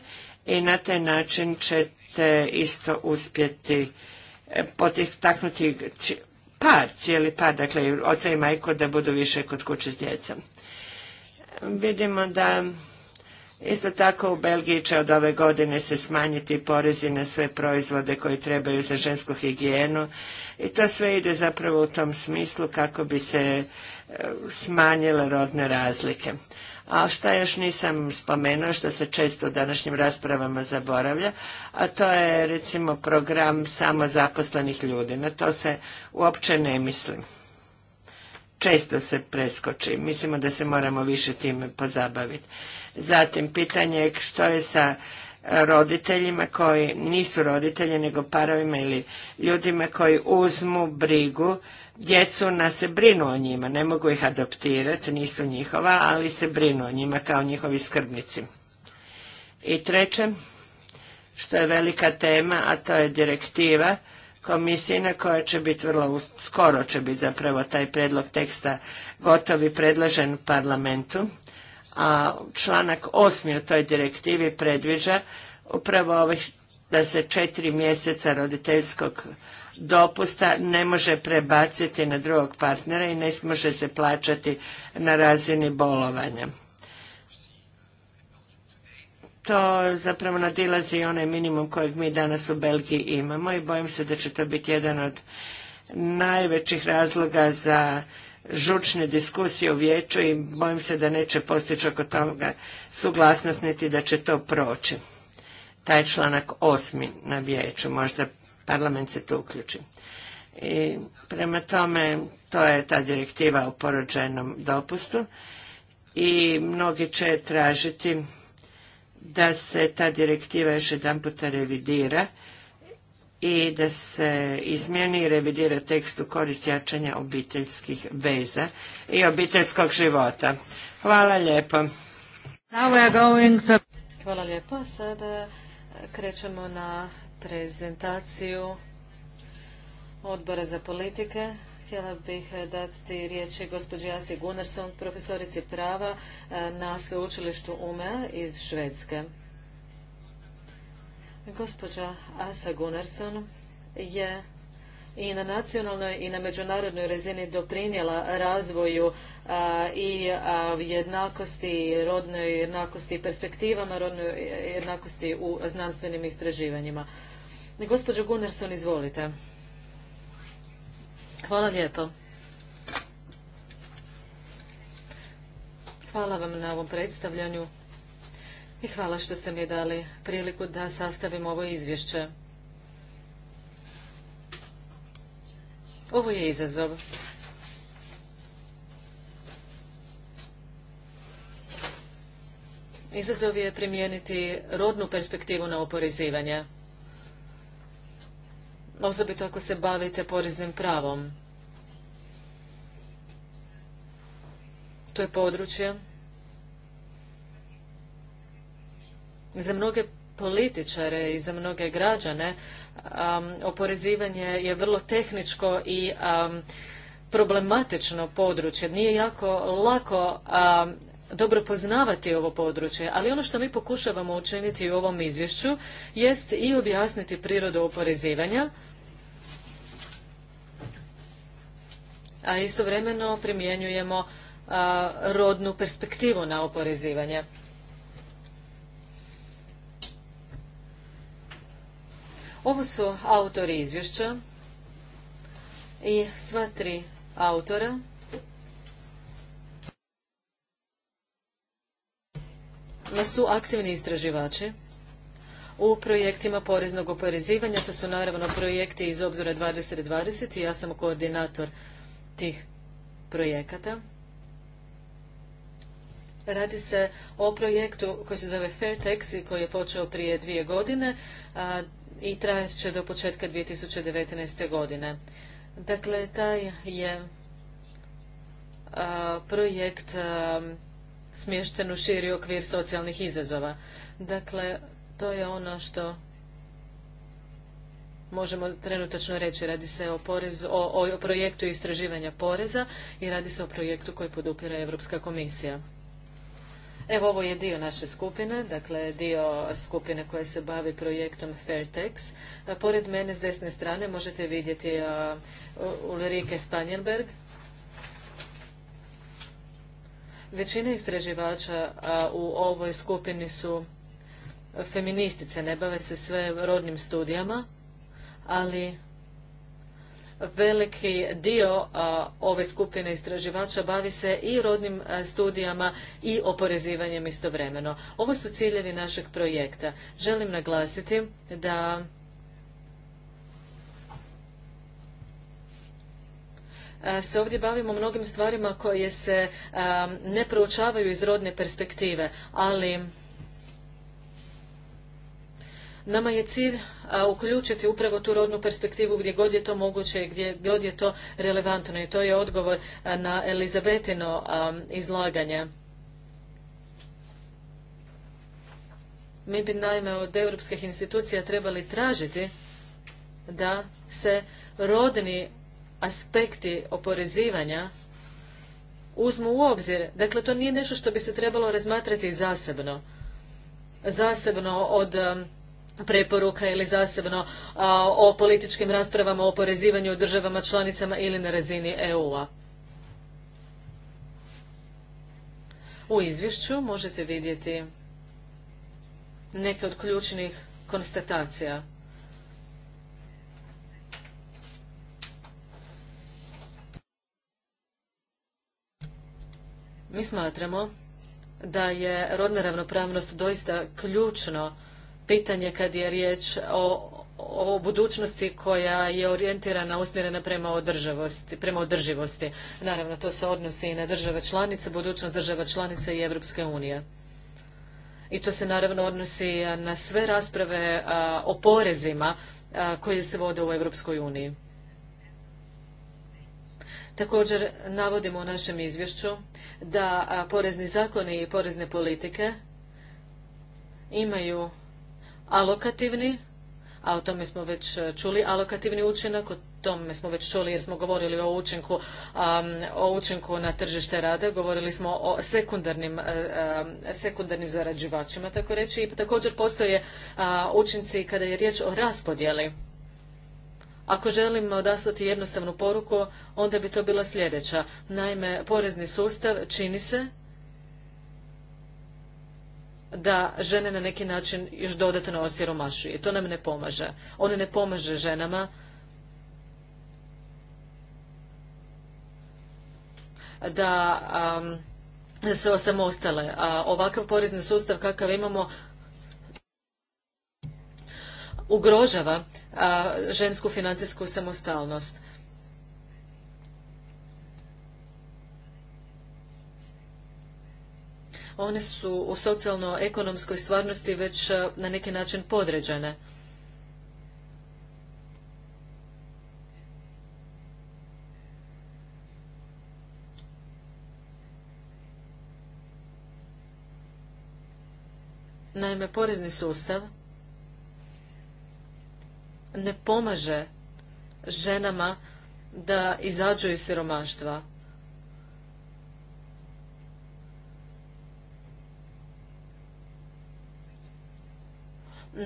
i na taj način ćete isto uspjeti e, potaknuti par, cijeli par, dakle oca i majko da budu više kod kuće s djecom. Vidimo da Isto tako u Belgiji će od ove godine se smanjiti porezi na sve proizvode koji trebaju za žensku higijenu i to sve ide zapravo u tom smislu kako bi se e, smanjile rodne razlike. A šta još nisam spomenuo, što se često u današnjim raspravama zaboravlja, a to je recimo program samozaposlenih ljudi. Na to se uopće ne misli. Često se preskoči. Mislimo da se moramo više time pozabaviti. Zatim, pitanje je što je sa roditeljima koji nisu roditelji nego parovima ili ljudima koji uzmu brigu djecu na se brinu o njima, ne mogu ih adoptirati, nisu njihova, ali se brinu o njima kao njihovi skrbnici. I treće, što je velika tema, a to je direktiva komisijina koja će biti vrlo skoro će biti zapravo taj predlog teksta gotovi predložen parlamentu a članak 8. u toj direktivi predviđa upravo ovih da se četiri mjeseca roditeljskog dopusta ne može prebaciti na drugog partnera i ne može se plaćati na razini bolovanja. To zapravo nadilazi onaj minimum kojeg mi danas u Belgiji imamo i bojim se da će to biti jedan od najvećih razloga za žučne diskusije u vijeću i bojim se da neće postići oko toga suglasnost niti da će to proći. Taj članak osmi na vijeću, možda parlament se tu uključi. I prema tome, to je ta direktiva o porođajnom dopustu i mnogi će tražiti da se ta direktiva još jedan puta revidira i da se izmjeni i revidira tekst u korist jačanja obiteljskih veza i obiteljskog života. Hvala lijepo. Hvala lijepo. Sada krećemo na prezentaciju odbora za politike. Htjela bih dati riječi gospođi Asi Gunnarsson, profesorici prava eh, na sveučilištu UME iz Švedske. Gospođa Asa Gunnarsson je i na nacionalnoj i na međunarodnoj razini doprinijela razvoju i jednakosti, rodnoj jednakosti, i perspektivama rodnoj jednakosti u znanstvenim istraživanjima. Gospođo Gunnarsson, izvolite. Hvala lijepo. Hvala vam na ovom predstavljanju i hvala što ste mi dali priliku da sastavim ovo izvješće. Ovo je izazov. Izazov je primijeniti rodnu perspektivu na oporezivanje. Osobito ako se bavite poreznim pravom. To je područje Za mnoge političare i za mnoge građane oporezivanje je vrlo tehničko i problematično područje. Nije jako lako dobro poznavati ovo područje, ali ono što mi pokušavamo učiniti u ovom izvješću jest i objasniti prirodu oporezivanja, a istovremeno primjenjujemo rodnu perspektivu na oporezivanje. Ovo su autori izvješća i sva tri autora su aktivni istraživači u projektima poreznog oporezivanja. To su naravno projekti iz obzora 2020 i ja sam koordinator tih projekata. Radi se o projektu koji se zove Fairtex i koji je počeo prije dvije godine i trajat će do početka 2019. godine. Dakle, taj je projekt smješten u širi okvir socijalnih izazova. Dakle, to je ono što možemo trenutačno reći. Radi se o, o projektu istraživanja poreza i radi se o projektu koji podupira Europska komisija. Evo, ovo je dio naše skupine, dakle dio skupine koja se bavi projektom Fairtex. Pored mene s desne strane možete vidjeti Ulrike Spanjenberg. Većina istraživača u ovoj skupini su feministice, ne bave se sve rodnim studijama, ali veliki dio ove skupine istraživača bavi se i rodnim studijama i oporezivanjem istovremeno. Ovo su ciljevi našeg projekta. Želim naglasiti da se ovdje bavimo mnogim stvarima koje se ne proučavaju iz rodne perspektive, ali Nama je cilj uključiti upravo tu rodnu perspektivu gdje god je to moguće, gdje god je to relevantno i to je odgovor na Elizabetino izlaganje. Mi bi naime od europskih institucija trebali tražiti da se rodni aspekti oporezivanja uzmu u obzir. Dakle, to nije nešto što bi se trebalo razmatrati zasebno. Zasebno od preporuka ili zasebno o političkim raspravama o oporezivanju u državama članicama ili na razini EU-a. U izvješću možete vidjeti neke od ključnih konstatacija. Mi smatramo da je rodna ravnopravnost doista ključno pitanje kad je riječ o, budućnosti koja je orijentirana, usmjerena prema održivosti, prema održivosti. Naravno, to se odnosi i na države članice, budućnost država članica i Evropske unije. I to se naravno odnosi na sve rasprave o porezima a, koje se vode u Europskoj uniji. Također navodimo u našem izvješću da porezni zakoni i porezne politike imaju alokativni, a o tome smo već e, čuli, alokativni učinak, o tome smo već čuli jer smo govorili o učinku, o učinku na tržište rada, govorili smo o sekundarnim, e, sekundarnim zarađivačima, tako reći. I također postoje učinci kada je riječ o raspodjeli. Ako želimo odaslati jednostavnu poruku, onda bi to bila sljedeća. Naime, porezni sustav čini se da žene na neki način još dodatno I To nam ne pomaže. Ono ne pomaže ženama da se osamostale. A ovakav porezni sustav kakav imamo ugrožava žensku financijsku samostalnost. one su u socijalno-ekonomskoj stvarnosti već e, na neki način podređene. Naime, porezni sustav ne pomaže ženama da izađu iz siromaštva.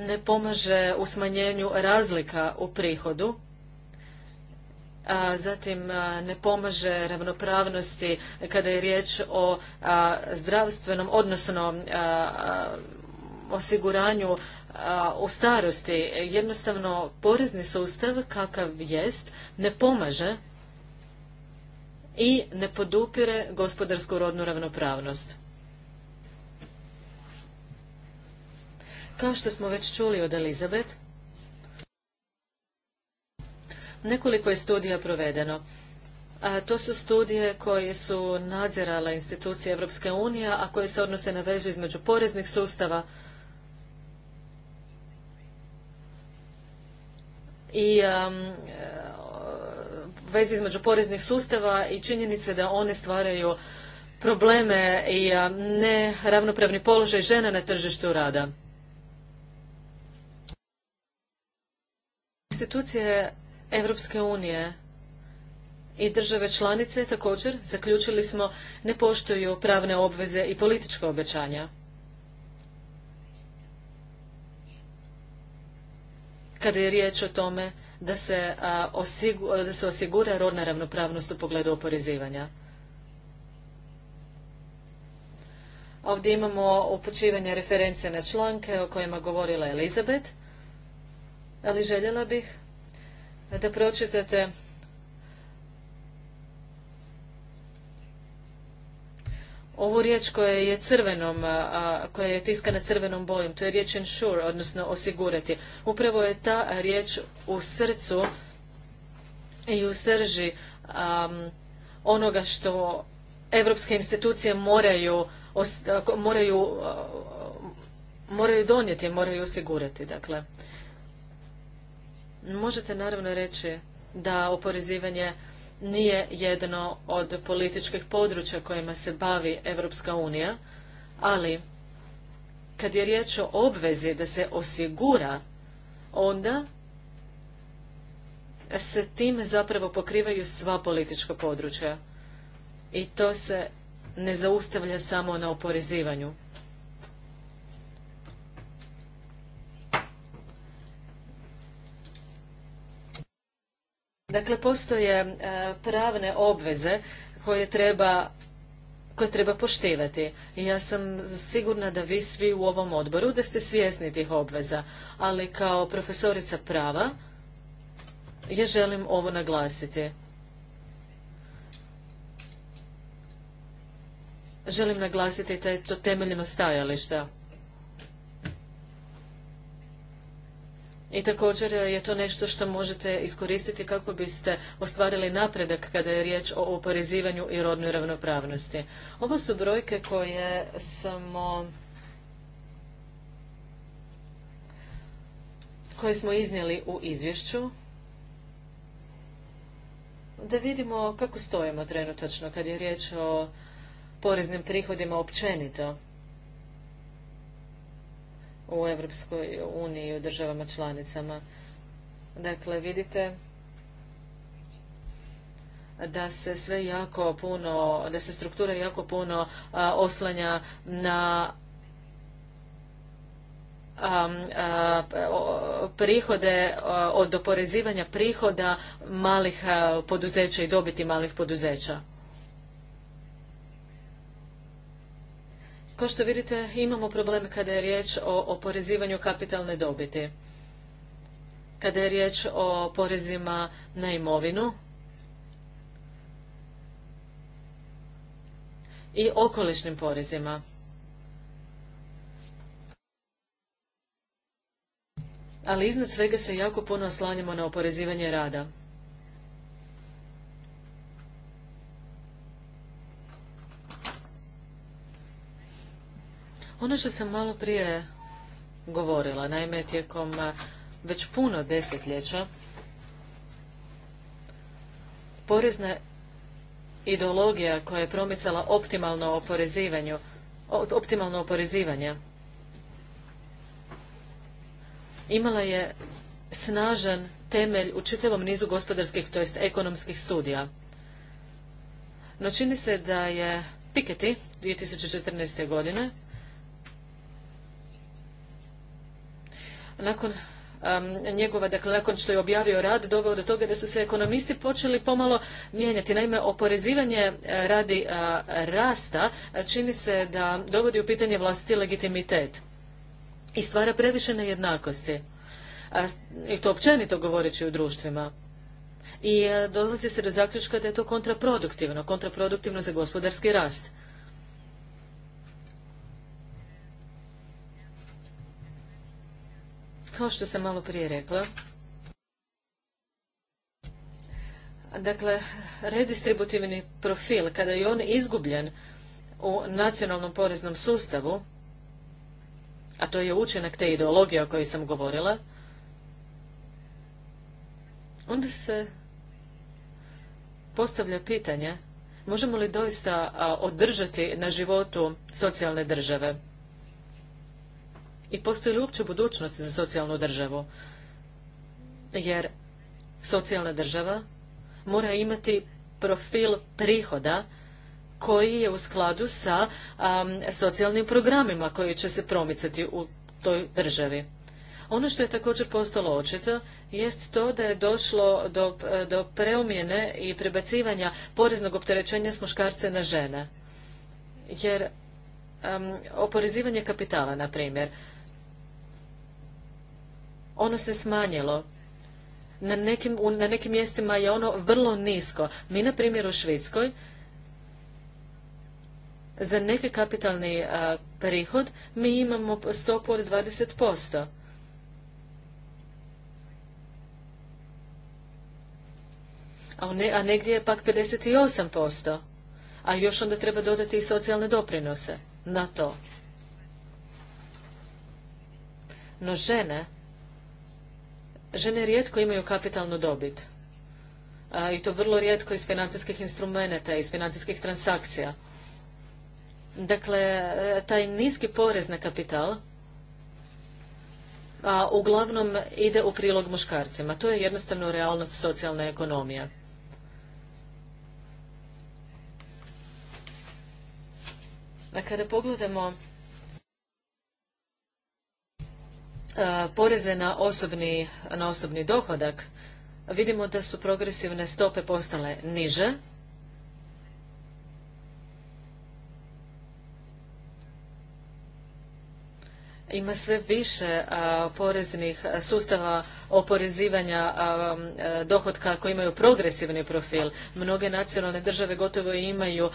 ne pomaže u smanjenju razlika u prihodu, zatim ne pomaže ravnopravnosti kada je riječ o zdravstvenom, odnosno osiguranju u starosti. Jednostavno, porezni sustav kakav jest ne pomaže i ne podupire gospodarsku rodnu ravnopravnost. Kao što smo već čuli od Elizabeth, nekoliko je studija provedeno. to su studije koje su nadzirala institucije Europske unije, a koje se odnose na vezu između poreznih sustava i um, e, vezi između poreznih sustava i činjenice da one stvaraju probleme i um, neravnopravni položaj žena na tržištu rada. Institucije Europske unije i države članice također, zaključili smo, ne poštuju pravne obveze i politička obećanja. Kada je riječ o tome da se, da se osigura rodna ravnopravnost u pogledu oporezivanja. Ovdje imamo upućivanje reference na članke o kojima govorila Elizabeth ali željela bih da pročitate ovu riječ koja je crvenom, koja je tiskana crvenom bojom, to je riječ ensure, odnosno osigurati. Upravo je ta riječ u srcu i u srži onoga što europske institucije moraju, moraju donijeti, moraju osigurati. Dakle, Možete naravno reći da oporezivanje nije jedno od političkih područja kojima se bavi Europska unija, ali kad je riječ o obvezi da se osigura, onda se time zapravo pokrivaju sva politička područja. I to se ne zaustavlja samo na oporezivanju. Dakle, postoje e, pravne obveze koje treba koje treba poštivati. I ja sam sigurna da vi svi u ovom odboru da ste svjesni tih obveza, ali kao profesorica prava ja želim ovo naglasiti. Želim naglasiti to temeljno stajališta. I također e, je to nešto što možete iskoristiti kako biste ostvarili napredak kada je riječ o oporezivanju i rodnoj ravnopravnosti. Ovo su brojke koje smo koje smo iznijeli u izvješću da vidimo kako stojimo trenutačno kad je riječ o poreznim prihodima općenito u Europskoj uniji i u državama članicama. Dakle, vidite da se sve jako puno, da se struktura jako puno oslanja na prihode od oporezivanja prihoda malih poduzeća i dobiti malih poduzeća. Kao što vidite, imamo problem kada je riječ o oporezivanju kapitalne dobiti. Kada je riječ o porezima na imovinu i okolišnim porezima. Ali iznad svega se jako puno oslanjamo na oporezivanje rada. Ono što sam malo prije govorila, naime tijekom eh, već puno desetljeća porezna ideologija koja je promicala optimalno oporezivanje, optimalno oporezivanje imala je snažan temelj u čitavom nizu gospodarskih, to jest ekonomskih studija. No čini se da je Piketty 2014. godine nakon njegova, dakle nakon što je objavio rad, doveo do toga da su se ekonomisti počeli pomalo mijenjati. Naime, oporezivanje eh, radi eh, rasta eh, čini se da dovodi u pitanje vlastiti legitimitet i stvara previše nejednakosti. I to općenito govoreći u društvima. I dolazi se do zaključka da je to kontraproduktivno, kontraproduktivno za gospodarski rast. Kao što sam malo prije rekla, dakle, redistributivni profil, kada je on izgubljen u nacionalnom poreznom sustavu, a to je učinak te ideologije o kojoj sam govorila, onda se postavlja pitanje možemo li doista održati na životu socijalne države i postoji li uopće budućnost za socijalnu državu? Jer socijalna država mora imati profil prihoda koji je u skladu sa socijalnim programima koji će se promicati u toj državi. Ono što je također postalo očito jest to da je došlo do, preumjene i prebacivanja poreznog opterećenja s muškarce na žene. Jer oporezivanje kapitala, na primjer, ono se smanjilo. Na nekim, na nekim mjestima je ono vrlo nisko. Mi, na primjer, u Švedskoj za neki kapitalni prihod mi imamo stopu od 20%. A, ne, a negdje je pak 58%. A još onda treba dodati i socijalne doprinose na to. No žene Žene rijetko imaju kapitalnu dobit i to vrlo rijetko iz financijskih instrumenata, iz financijskih transakcija. Dakle, taj niski porez na kapital a, uglavnom ide u prilog muškarcima. To je jednostavno realnost socijalne ekonomije. A kada pogledamo E, poreze na osobni, dohodak, vidimo da su progresivne stope postale niže. Ima sve više e, poreznih sustava oporezivanja dohodka e, dohotka koji imaju progresivni profil. Mnoge nacionalne države gotovo imaju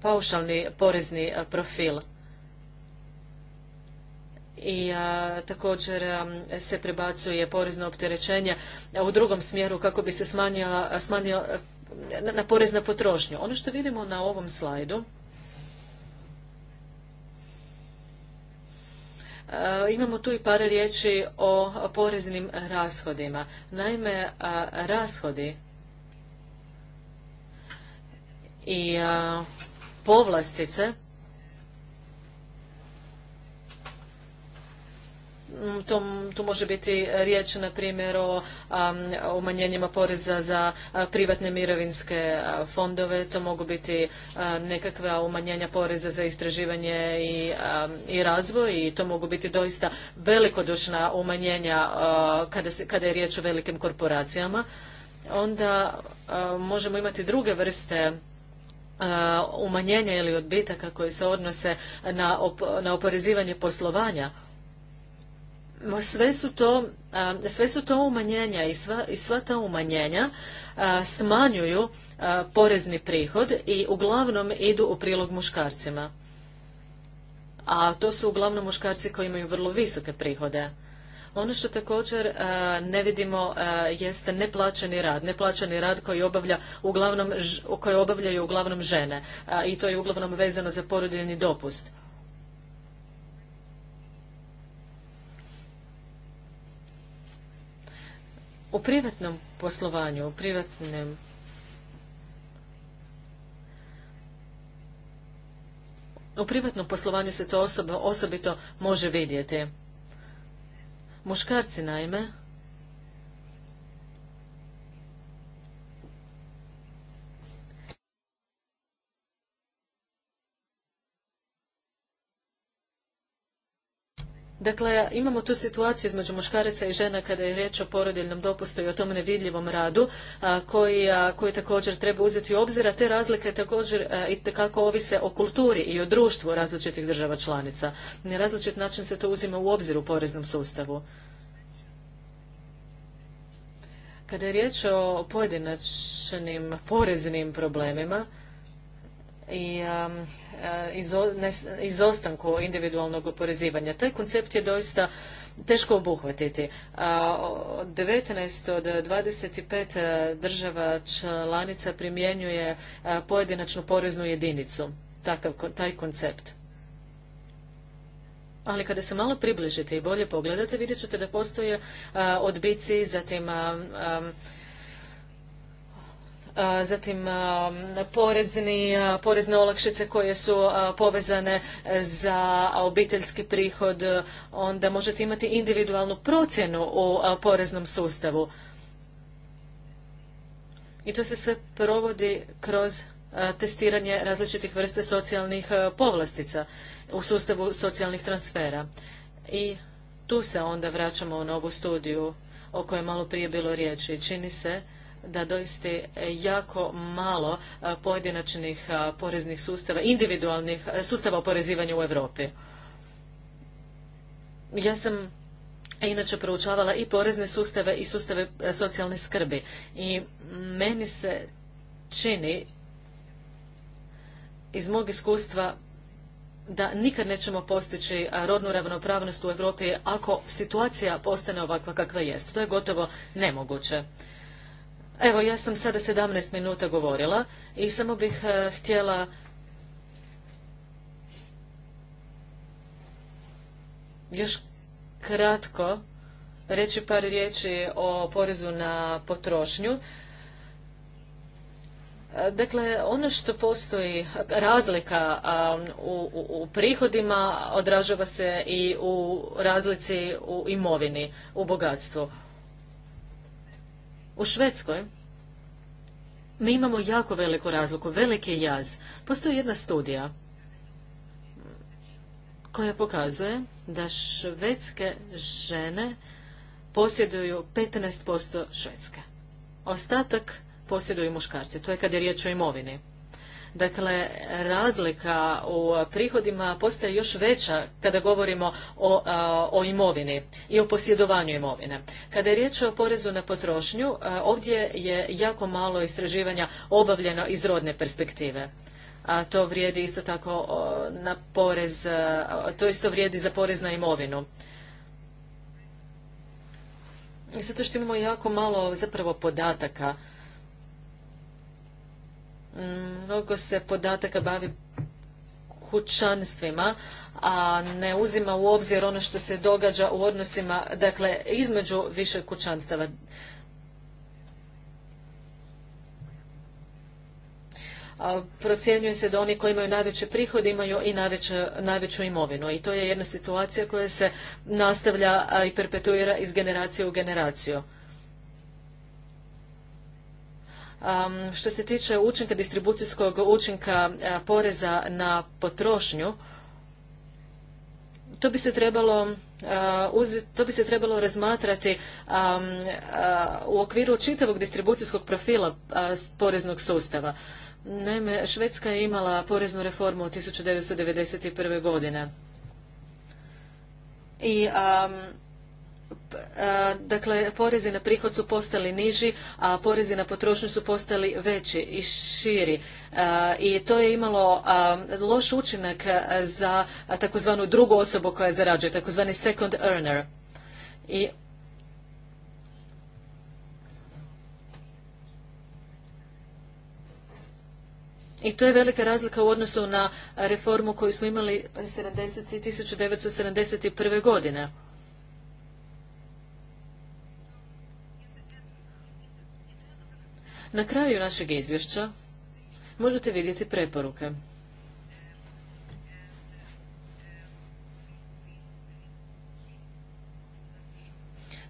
paušalni porezni profil i također se prebacuje porezno opterećenje u drugom smjeru kako bi se smanjila, na, porez na potrošnju. Ono što vidimo na ovom slajdu imamo tu i par riječi o poreznim rashodima. Naime, rashodi i povlastice Mm, to, tu može biti riječ, na primjer, o umanjenjima poreza za privatne mirovinske fondove. To mogu biti nekakva umanjenja poreza za istraživanje i, razvoj i to mogu biti doista velikodušna umanjenja kada, kada je riječ o velikim korporacijama. Onda možemo imati druge vrste umanjenja ili odbitaka koji se odnose na, na oporezivanje poslovanja sve su to, sve su to umanjenja i sva, i sva ta umanjenja smanjuju porezni prihod i uglavnom idu u prilog muškarcima. A to su uglavnom muškarci koji imaju vrlo visoke prihode. Ono što također ne vidimo jeste neplaćeni rad, neplaćeni rad koji obavlja uglavnom, koji obavljaju uglavnom žene i to je uglavnom vezano za porodiljni dopust. o privatnom poslovanju, o privatnim U privatnom poslovanju se to osoba, osobito može vidjeti. Muškarci naime Dakle, imamo tu situaciju između muškaraca i žena kada je riječ o porodiljnom dopustu i o tom nevidljivom radu koji, koji također treba uzeti u obzir, a te razlike također i itekako ovise o kulturi i o društvu različitih država članica. Na različit način se to uzima u obzir u poreznom sustavu. Kada je riječ o pojedinačnim poreznim problemima, i um, e, izostanku individualnog oporezivanja. Taj koncept je doista teško obuhvatiti. 19 od 25 e, država članica primjenjuje e, pojedinačnu poreznu jedinicu, takav, taj koncept. Ali kada se malo približite i bolje pogledate, vidjet ćete da postoje odbici, zatim zatim porezne olakšice koje su povezane e, za obiteljski prihod, e, onda možete imati individualnu procjenu u poreznom sustavu. I to se sve provodi kroz e, testiranje različitih vrste socijalnih povlastica u sustavu socijalnih transfera. I tu se onda vraćamo u novu studiju o kojoj malo prije bilo riječi. Čini se da doista e, jako malo e, pojedinačnih e, poreznih sustava, individualnih sustava oporezivanja u Europi. Ja sam inače proučavala i porezne sustave i sustave socijalne skrbi i meni se čini iz mog iskustva da nikad nećemo postići rodnu ravnopravnost u Europi ako situacija postane ovakva kakva jest. To je gotovo nemoguće. Evo, ja sam sada 17 minuta govorila i samo bih e, htjela još kratko reći par riječi o porezu na potrošnju. E, dakle, ono što postoji razlika u, u, u prihodima odražava se i u razlici u imovini, u bogatstvu. U Švedskoj mi imamo jako veliku razliku, veliki jaz. Postoji jedna studija koja pokazuje da švedske žene posjeduju 15% švedske. Ostatak posjeduju muškarci. To je kad je riječ o imovini. Dakle, razlika u prihodima postaje još veća kada govorimo o, o imovini i o posjedovanju imovine. Kada je riječ o porezu na potrošnju, ovdje je jako malo istraživanja obavljeno iz rodne perspektive a to vrijedi isto tako na porez, to isto vrijedi za porez na imovinu. Zato što imamo jako malo zapravo podataka Mm, mnogo se podataka bavi kućanstvima, a ne uzima u obzir ono što se događa u odnosima, dakle, između više kućanstava. procjenjuje se da oni koji imaju najveće prihode imaju i najveću imovinu. I to je jedna situacija koja se nastavlja i perpetuira iz generacije u generaciju što se tiče učinka distribucijskog učinka e, poreza na potrošnju, to bi se trebalo e, to bi se trebalo razmatrati e, u okviru čitavog distribucijskog profila poreznog sustava. Naime, Švedska je imala poreznu reformu od 1991. godine. I E, dakle porezi na prihod su postali niži, a porezi na potrošnju su postali veći i širi. E, I to je imalo loš učinak e, za takozvanu drugu osobu koja zarađuje, takozvani second earner. I to je velika razlika u odnosu na reformu koju smo imali seventy 1971. godine. Na kraju našeg izvješća možete vidjeti preporuke.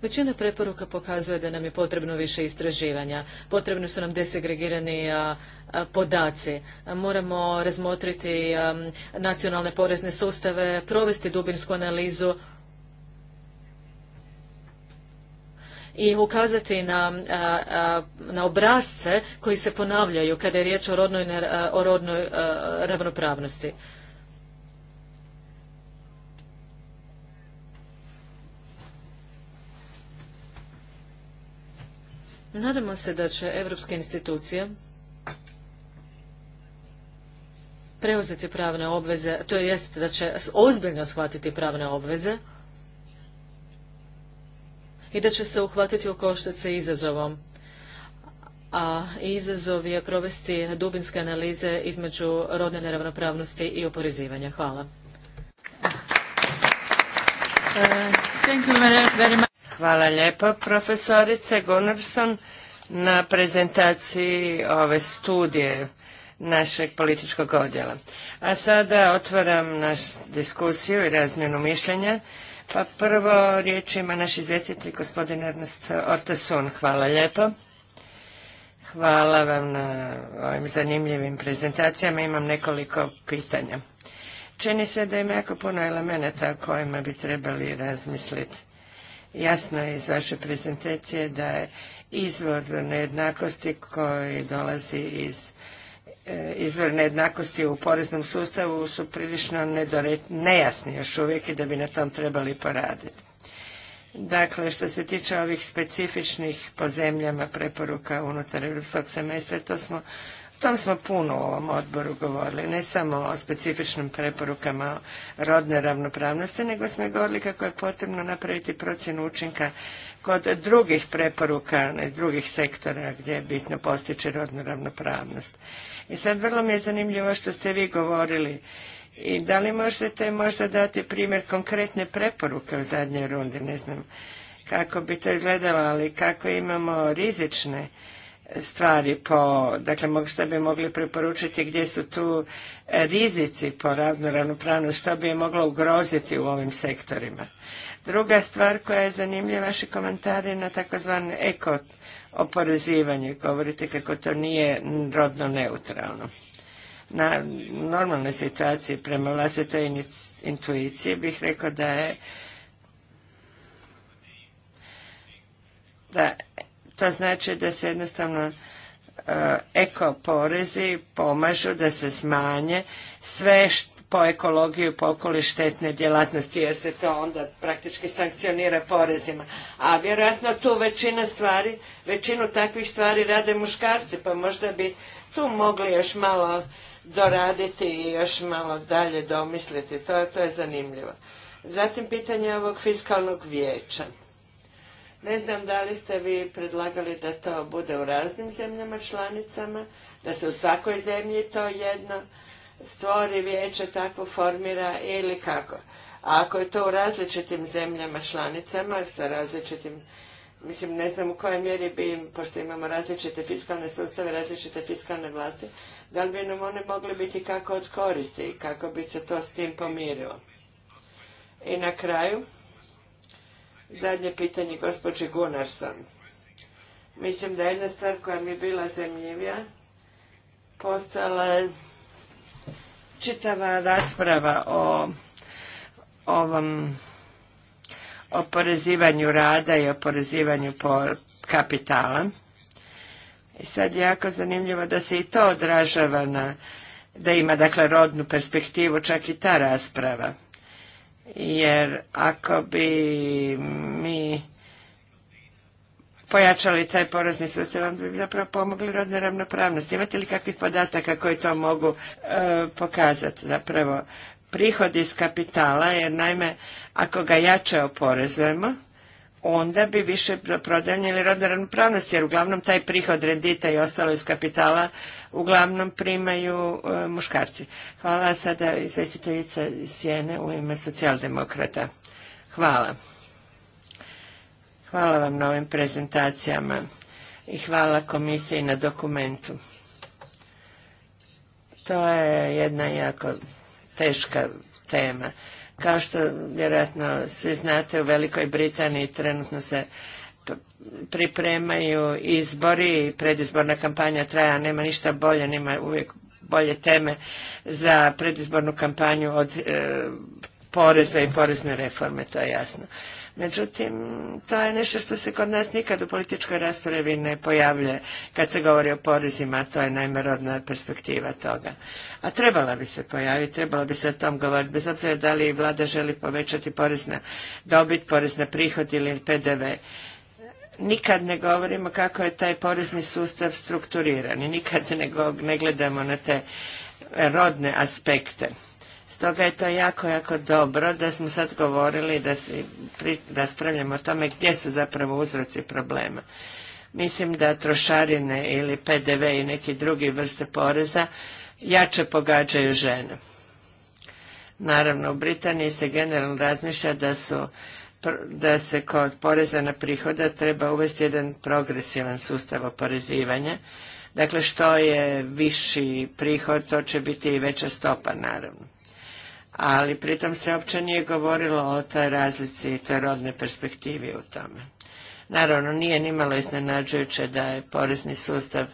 Većina preporuka pokazuje da nam je potrebno više istraživanja, potrebni su nam desegregirani podaci, moramo razmotriti nacionalne porezne sustave, provesti dubinsku analizu i ukazati na, na obrazce koji se ponavljaju kada je riječ o rodnoj, o rodnoj ravnopravnosti. Nadamo se da će evropske institucije preuzeti pravne obveze, to jest da će ozbiljno shvatiti pravne obveze i da će se uhvatiti u koštac izazovom. A izazov je provesti dubinske analize između rodne neravnopravnosti i oporezivanja. Hvala. Hvala lijepo profesorice Gunnarsson na prezentaciji ove studije našeg političkog odjela. A sada otvaram našu diskusiju i razmjenu mišljenja pa prvo riječ ima naš izvjestitelj gospodin Ernest ortason Hvala lijepo. Hvala vam na ovim zanimljivim prezentacijama. Imam nekoliko pitanja. Čini se da ima jako puno elemenata o kojima bi trebali razmisliti. Jasno je iz vaše prezentacije da je izvor nejednakosti koji dolazi iz E, izvor nejednakosti u poreznom sustavu su prilično nejasni još uvijek i da bi na tom trebali poraditi. Dakle, što se tiče ovih specifičnih po zemljama preporuka unutar europskog semestra, to smo tom smo puno u ovom odboru govorili, ne samo o specifičnim preporukama rodne ravnopravnosti, nego smo i govorili kako je potrebno napraviti procjenu učinka kod drugih preporuka, drugih sektora gdje je bitno postići rodnu ravnopravnost. I sad vrlo mi je zanimljivo što ste vi govorili i da li možete možda dati primjer konkretne preporuke u zadnjoj rundi, ne znam kako bi to izgledalo, ali kako imamo rizične stvari po, dakle što bi mogli preporučiti gdje su tu e, rizici po radnu ravnopravnost, što bi je moglo ugroziti u ovim sektorima. Druga stvar koja je zanimljiva, vaši komentari na takozvan eko oporezivanje, govorite kako to nije rodno neutralno. Na normalnoj situaciji prema vlastitoj intuiciji bih rekao da je da to znači da se jednostavno e, eko porezi pomažu da se smanje sve po ekologiju po okoli štetne djelatnosti jer se to onda praktički sankcionira porezima. A vjerojatno tu većina stvari, većinu takvih stvari rade muškarci pa možda bi tu mogli još malo doraditi i još malo dalje domisliti. To, to je zanimljivo. Zatim pitanje ovog fiskalnog vijeća. Ne znam da li ste vi predlagali da to bude u raznim zemljama članicama, da se u svakoj zemlji to jedno stvori vijeće tako formira ili kako. A ako je to u različitim zemljama članicama sa različitim Mislim, ne znam u kojoj mjeri bi, pošto imamo različite fiskalne sustave, različite fiskalne vlasti, da li bi nam one mogle biti kako od koristi i kako bi se to s tim pomirilo. I na kraju, zadnje pitanje gospođe Gunarsson. Mislim da je jedna stvar koja mi je bila zemljivija postala je čitava rasprava o ovom oporezivanju rada i oporezivanju porezivanju kapitala. I sad je jako zanimljivo da se i to odražava na, da ima dakle rodnu perspektivu čak i ta rasprava jer ako bi mi pojačali taj porezni sustav, onda bi zapravo pomogli rodnoj ravnopravnosti. Imate li kakvih podataka koji to mogu e, pokazati? Zapravo, prihod iz kapitala, je naime, ako ga jače oporezujemo, onda bi više prodanje ili ravnopravnosti jer uglavnom taj prihod rendita i ostalo iz kapitala uglavnom primaju e, muškarci. Hvala sada izvestiteljica Sjene u ime socijaldemokrata. Hvala. Hvala vam na ovim prezentacijama i hvala komisiji na dokumentu. To je jedna jako teška tema. Kao što vjerojatno svi znate, u Velikoj Britaniji trenutno se pripremaju izbori, predizborna kampanja traja, nema ništa bolje, nema uvijek bolje teme za predizbornu kampanju od e, poreza i porezne reforme, to je jasno. Međutim, to je nešto što se kod nas nikad u političkoj raspravi ne pojavljuje kad se govori o porezima, to je naime rodna perspektiva toga. A trebala bi se pojaviti, trebalo bi se o tom govoriti, bez obzira da li vlada želi povećati porez na dobit, porez na prihod ili PDV nikad ne govorimo kako je taj porezni sustav strukturiran i nikad ne gledamo na te rodne aspekte. Stoga je to jako, jako dobro da smo sad govorili da se raspravljamo o tome gdje su zapravo uzroci problema. Mislim da trošarine ili PDV i neki drugi vrste poreza jače pogađaju žene. Naravno, u Britaniji se generalno razmišlja da da se kod poreza na prihoda treba uvesti jedan progresivan sustav oporezivanja. Dakle, što je viši prihod, to će biti i veća stopa, naravno ali pritom se uopće nije govorilo o toj razlici i toj rodnoj perspektivi u tome. Naravno, nije nimalo iznenađujuće da je porezni sustav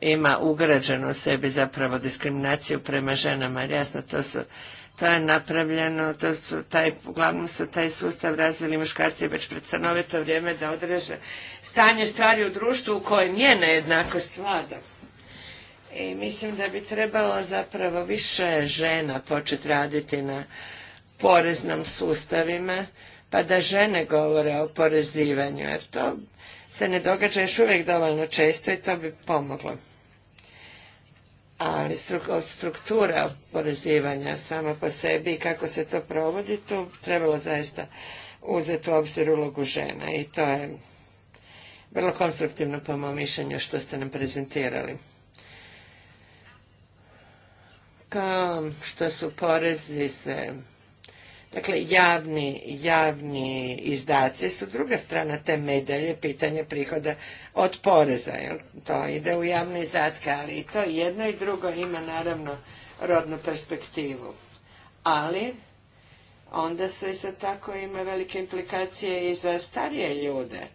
ima ugrađeno u sebi zapravo diskriminaciju prema ženama, jer jasno to to je napravljeno, to su taj, uglavnom su taj sustav razvili muškarci već pred stanovito vrijeme da odreže stanje stvari u društvu u kojem je nejednakost vlada. I mislim da bi trebalo zapravo više žena početi raditi na poreznom sustavima, pa da žene govore o porezivanju, jer to se ne događa još uvijek dovoljno često i to bi pomoglo. Ali od struktura porezivanja sama po sebi i kako se to provodi, tu trebalo zaista uzeti u obzir ulogu žena i to je vrlo konstruktivno po mom mišljenju što ste nam prezentirali kao što su porezi se Dakle, javni, javni izdaci su druga strana te medalje, pitanje prihoda od poreza. Jel? To ide u javne izdatke, ali i to jedno i drugo ima naravno rodnu perspektivu. Ali onda se isto tako ima velike implikacije i za starije ljude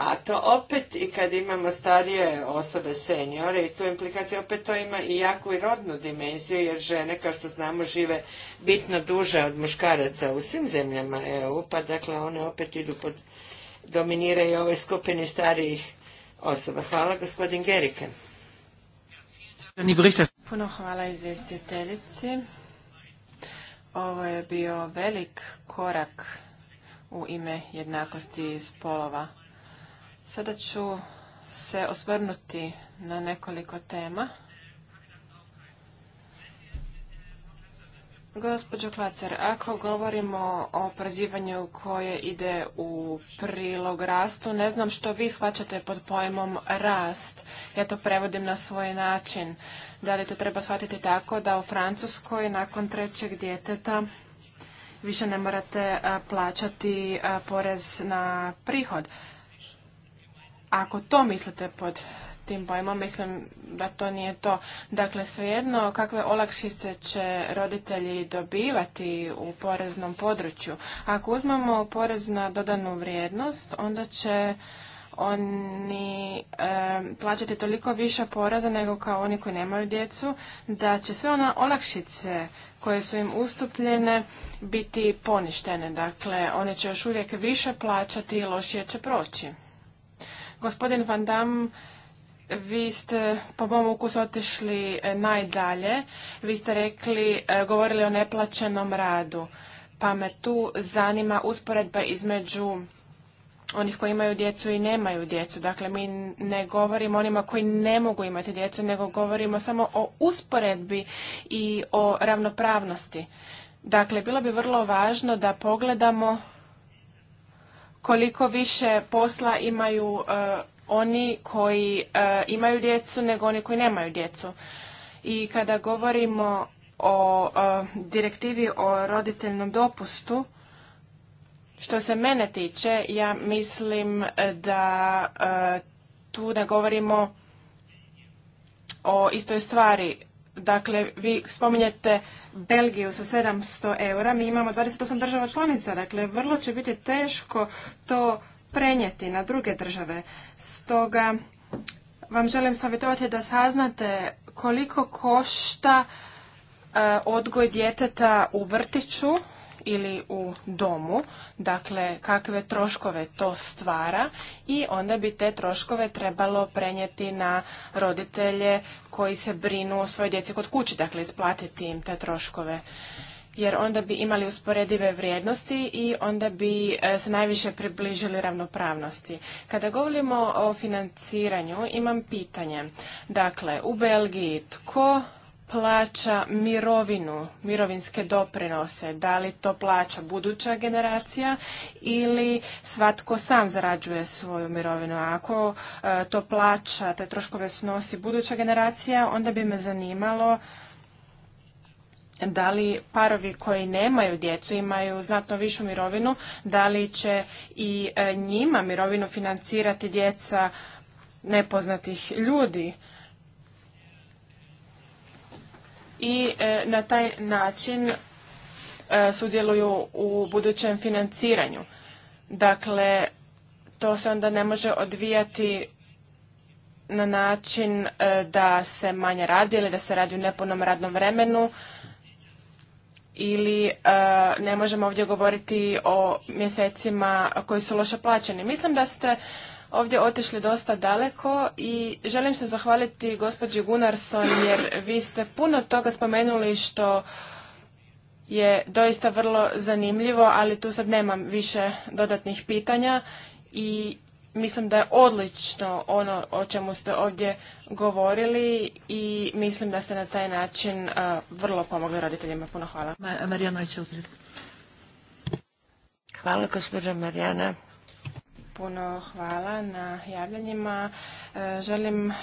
a to opet i kad imamo starije osobe, seniore i tu implikacija, opet to ima i jaku i rodnu dimenziju jer žene kao što znamo žive bitno duže od muškaraca u svim zemljama EU pa dakle one opet idu pod, dominiraju ovoj skupini starijih osoba. Hvala gospodin Gerike. Puno hvala izvjestiteljici. Ovo je bio velik korak u ime jednakosti spolova Sada ću se osvrnuti na nekoliko tema. Gospođo Klacer, ako govorimo o prezivanju koje ide u prilog rastu, ne znam što vi shvaćate pod pojmom rast. Ja to prevodim na svoj način. Da li to treba shvatiti tako da u Francuskoj nakon trećeg djeteta više ne morate plaćati porez na prihod? Ako to mislite pod tim pojmom, mislim da to nije to. Dakle, svejedno kakve olakšice će roditelji dobivati u poreznom području. Ako uzmemo porez na dodanu vrijednost, onda će oni e, plaćati toliko više poreza nego kao oni koji nemaju djecu, da će sve ona olakšice koje su im ustupljene biti poništene. Dakle, one će još uvijek više plaćati i lošije će proći. Gospodin Van Dam, vi ste po mom ukusu otišli e, najdalje. Vi ste rekli, e, govorili o neplaćenom radu. Pa me tu zanima usporedba između onih koji imaju djecu i nemaju djecu. Dakle, mi ne govorimo onima koji ne mogu imati djecu, nego govorimo samo o usporedbi i o ravnopravnosti. Dakle, bilo bi vrlo važno da pogledamo koliko više posla imaju eh, oni koji eh, imaju djecu nego oni koji nemaju djecu. I kada govorimo o eh, direktivi o roditeljnom dopustu, što se mene tiče, ja mislim da tu ne govorimo o istoj stvari. Dakle, vi spominjete Belgiju sa 700 eura, mi imamo 28 država članica, dakle vrlo će biti teško to prenijeti na druge države. Stoga vam želim savjetovati da saznate koliko košta e, odgoj djeteta u vrtiću ili u domu, dakle kakve troškove to stvara i onda bi te troškove trebalo prenijeti na roditelje koji se brinu o svojoj djeci kod kući, dakle isplatiti im te troškove jer onda bi imali usporedive vrijednosti i onda bi e, se najviše približili ravnopravnosti. Kada govorimo o financiranju, imam pitanje. Dakle, u Belgiji tko plaća mirovinu, mirovinske doprinose, da li to plaća buduća generacija ili svatko sam zarađuje svoju mirovinu. ako e, to plaća, te troškove snosi buduća generacija, onda bi me zanimalo da li parovi koji nemaju djecu imaju znatno višu mirovinu, da li će i e, njima mirovinu financirati djeca nepoznatih ljudi i e, na taj način e, sudjeluju u budućem financiranju. Dakle, to se onda ne može odvijati na način e, da se manje radi ili da se radi u nepunom radnom vremenu ili ne možemo ovdje govoriti o mjesecima koji su loše plaćeni. Mislim da ste ovdje otišli dosta daleko i želim se zahvaliti gospođi Gunarson jer vi ste puno toga spomenuli što je doista vrlo zanimljivo, ali tu sad nemam više dodatnih pitanja i mislim da je odlično ono o čemu ste ovdje govorili i mislim da ste na taj način vrlo pomogli roditeljima. Puno hvala. Marijana Hvala gospođa Marijana puno hvala na javljanjima. E, želim e,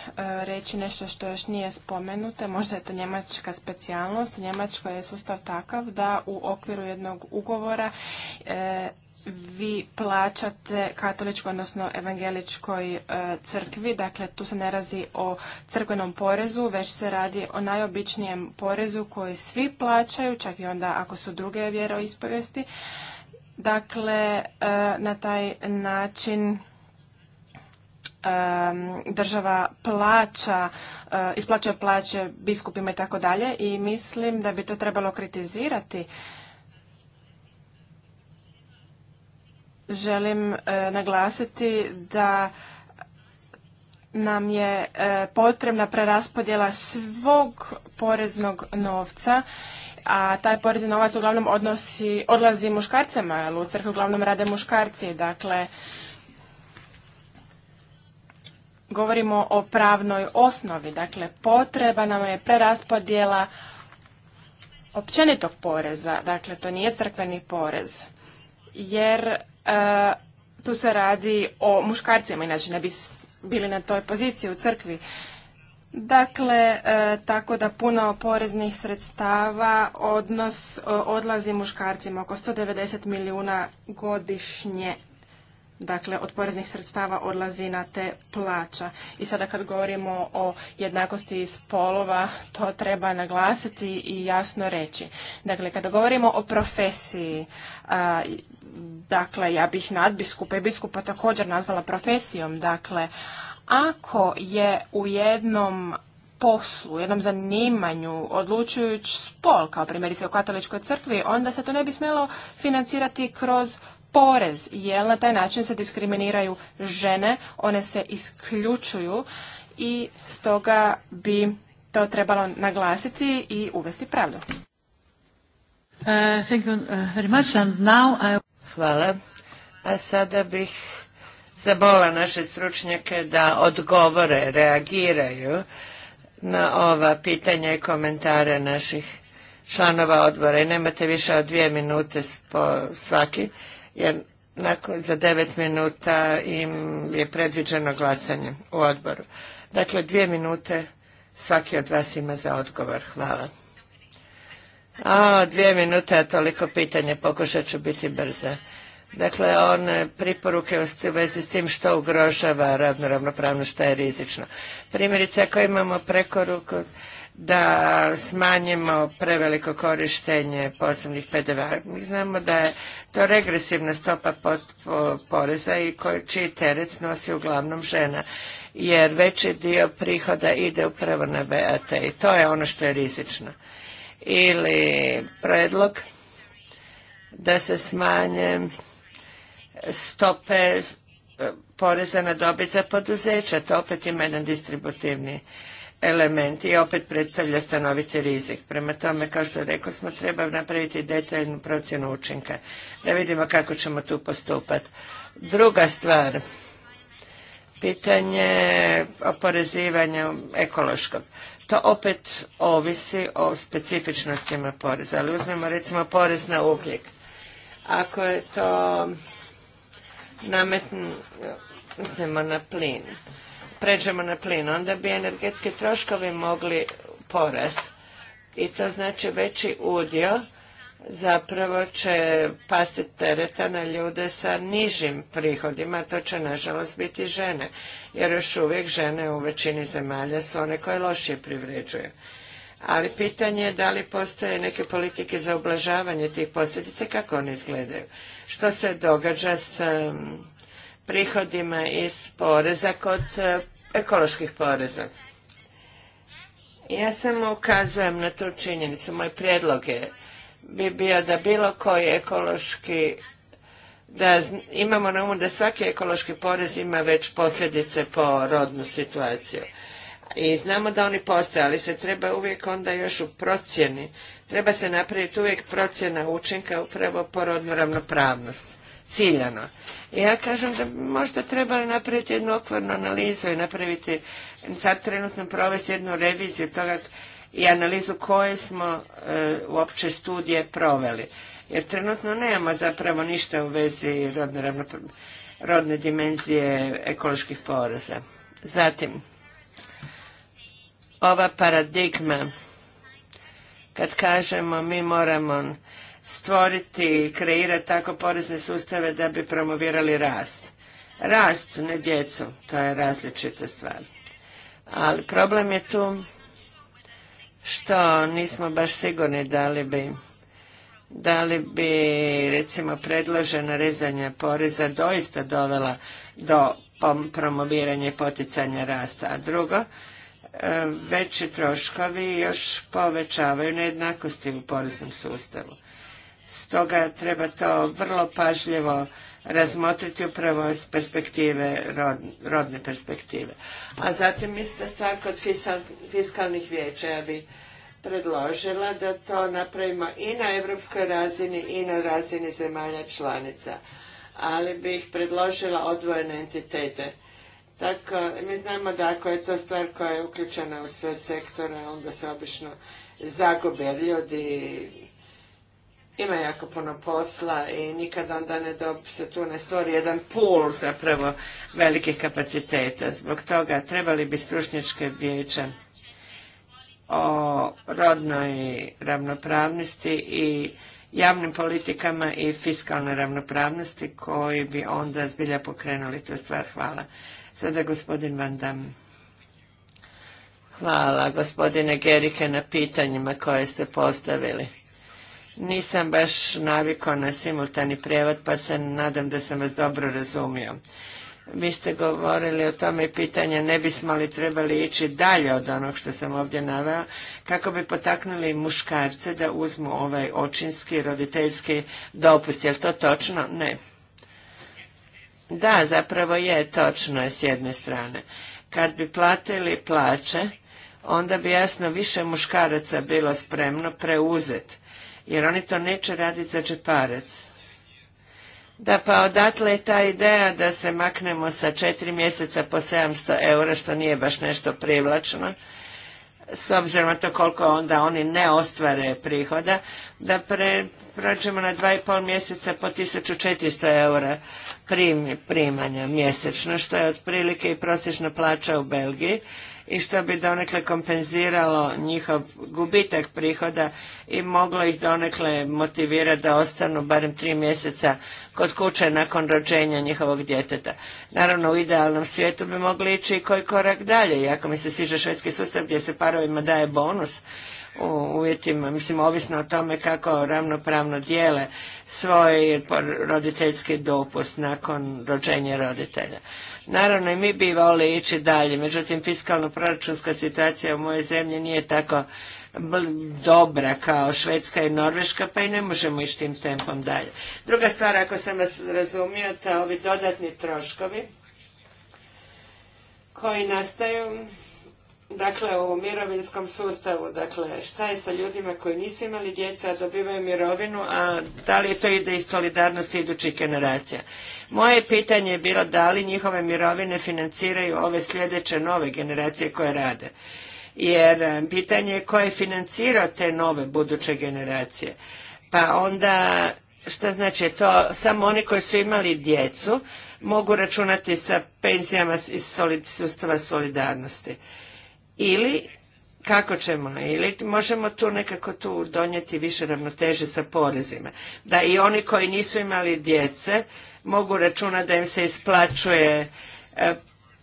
reći nešto što još nije spomenuto, možda je to njemačka specijalnost. U Njemačkoj je sustav takav da u okviru jednog ugovora e, vi plaćate katoličkoj, odnosno evangeličkoj crkvi, dakle tu se ne razi o crkvenom porezu, već se radi o najobičnijem porezu koji svi plaćaju, čak i onda ako su druge vjeroispovijesti. ispovesti Dakle, e, na taj način e, država plaća, e, isplaćuje plaće biskupima i tako dalje i mislim da bi to trebalo kritizirati. Želim naglasiti da nam je potrebna preraspodjela svog poreznog novca a taj porezni novac uglavnom odnosi, odlazi muškarcima, jer u crkvi uglavnom rade muškarci, dakle govorimo o pravnoj osnovi, dakle potreba nam je preraspodjela općenitog poreza, dakle to nije crkveni porez, jer e, tu se radi o muškarcima, inače ne bi bili na toj poziciji u crkvi. Dakle, e, tako da puno poreznih sredstava odnos e, odlazi muškarcima, oko 190 milijuna godišnje dakle od poreznih sredstava odlazi na te plaća. I sada kad govorimo o jednakosti spolova, to treba naglasiti i jasno reći. Dakle, kada govorimo o profesiji, dakle, ja bih nadbiskupa i biskupa također nazvala profesijom, dakle, ako je u jednom poslu, jednom zanimanju odlučujući spol, kao primjerice u katoličkoj crkvi, onda se to ne bi smjelo financirati kroz porez, jer na taj način se diskriminiraju žene, one se isključuju i stoga bi to trebalo naglasiti i uvesti pravdu. Uh, uh, Hvala. A sada bih zabola naše stručnjake da odgovore, reagiraju na ova pitanja i komentare naših članova odbora. I nemate više od dvije minute po svaki, jer nakon, za devet minuta im je predviđeno glasanje u odboru. Dakle, dvije minute svaki od vas ima za odgovor. Hvala. A, dvije minute, a toliko pitanja, pokušat ću biti brza. Dakle, one preporuke u vezi s tim što ugrožava radno ravnopravnost, što je rizično. Primjerice, ako imamo prekoruku da smanjimo preveliko korištenje posebnih pdv Mi znamo da je to regresivna stopa poreza i čiji teret nosi uglavnom žena, jer veći dio prihoda ide upravo na BAT i to je ono što je rizično. Ili predlog da se smanje stope e, poreza na dobit za poduzeća. To opet ima jedan distributivni element i opet predstavlja stanoviti rizik. Prema tome, kao što rekao smo, treba napraviti detaljnu procjenu učinka da vidimo kako ćemo tu postupati. Druga stvar, pitanje oporezivanja ekološkog. To opet ovisi o specifičnostima poreza, ali uzmemo recimo porez na ugljik. Ako je to nametnemo na plin, pređemo na plin, onda bi energetski troškovi mogli porast i to znači veći udio zapravo će pasti tereta na ljude sa nižim prihodima, to će nažalost biti žene, jer još uvijek žene u većini zemalja su one koje lošije privređuju ali pitanje je da li postoje neke politike za ublažavanje tih posljedica, kako one izgledaju. Što se događa s prihodima iz poreza kod e, ekoloških poreza? Ja samo ukazujem na tu činjenicu. Moj prijedlog je bi bio da bilo koji ekološki da imamo na umu da svaki ekološki porez ima već posljedice po rodnu situaciju i znamo da oni postoje, ali se treba uvijek onda još u procjeni, treba se napraviti uvijek procjena učinka upravo po rodnu ravnopravnost, ciljano. I ja kažem da možda trebali napraviti jednu okvarnu analizu i napraviti, sad trenutno provesti jednu reviziju toga i analizu koje smo e, uopće studije proveli. Jer trenutno nemamo zapravo ništa u vezi rodne, rodne dimenzije ekoloških poraza. Zatim, ova paradigma kad kažemo mi moramo stvoriti i kreirati tako porezne sustave da bi promovirali rast. Rast, ne djecu, to je različita stvar. Ali problem je tu što nismo baš sigurni da li bi da li bi recimo predložena rezanja poreza doista dovela do promoviranja i poticanja rasta. A drugo, E, veći troškovi još povećavaju nejednakosti u poreznom sustavu. Stoga treba to vrlo pažljivo razmotriti upravo iz perspektive, rodne perspektive. A zatim ista stvar kod fiskalnih vijeća. Ja bi predložila da to napravimo i na europskoj razini i na razini zemalja članica. Ali bih predložila odvojene entitete tako, e, mi znamo da ako je to stvar koja je uključena u sve sektore, onda se obično zagube ljudi, ima jako puno posla i nikada onda ne dob, se tu ne stvori jedan pool zapravo velikih kapaciteta. Zbog toga trebali bi stručnjačke vijeće o rodnoj ravnopravnosti i javnim politikama i fiskalnoj ravnopravnosti koji bi onda zbilja pokrenuli tu stvar. Hvala. Sada gospodin Van Hvala gospodine Gerike na pitanjima koje ste postavili. Nisam baš navikao na simultani prijevod pa se nadam da sam vas dobro razumio. Vi ste govorili o tome pitanje ne bismo li trebali ići dalje od onog što sam ovdje naveo kako bi potaknuli muškarce da uzmu ovaj očinski roditeljski dopust. Je li to točno? Ne. Da, zapravo je, točno je s jedne strane. Kad bi platili plaće, onda bi jasno više muškaraca bilo spremno preuzet, jer oni to neće raditi za čeparac. Da, pa odatle je ta ideja da se maknemo sa četiri mjeseca po 700 eura, što nije baš nešto privlačno, s obzirom na to koliko onda oni ne ostvare prihoda, da pre, prođemo na 2,5 mjeseca po 1400 eura prim, primanja mjesečno, što je otprilike i prosječna plaća u Belgiji i što bi donekle kompenziralo njihov gubitak prihoda i moglo ih donekle motivirati da ostanu barem tri mjeseca kod kuće nakon rođenja njihovog djeteta. Naravno u idealnom svijetu bi mogli ići i koji korak dalje, jako mi se sviđa švedski sustav gdje se parovima daje bonus u uvjetima, mislim ovisno o tome kako ravnopravno dijele svoj roditeljski dopust nakon rođenja roditelja. Naravno i mi bi volili ići dalje, međutim fiskalno-proračunska situacija u mojoj zemlji nije tako dobra kao Švedska i Norveška, pa i ne možemo ići tim tempom dalje. Druga stvar, ako sam vas razumio, to ovi dodatni troškovi koji nastaju dakle u mirovinskom sustavu, dakle šta je sa ljudima koji nisu imali djeca, a dobivaju mirovinu, a da li to ide iz solidarnosti idućih generacija. Moje pitanje je bilo da li njihove mirovine financiraju ove sljedeće nove generacije koje rade. Jer e, pitanje je ko je financirao te nove buduće generacije. Pa onda, šta znači to, samo oni koji su imali djecu mogu računati sa penzijama iz sustava solidarnosti ili kako ćemo, ili možemo tu nekako tu donijeti više ravnoteže sa porezima. Da i oni koji nisu imali djece mogu računati da im se isplaćuje e,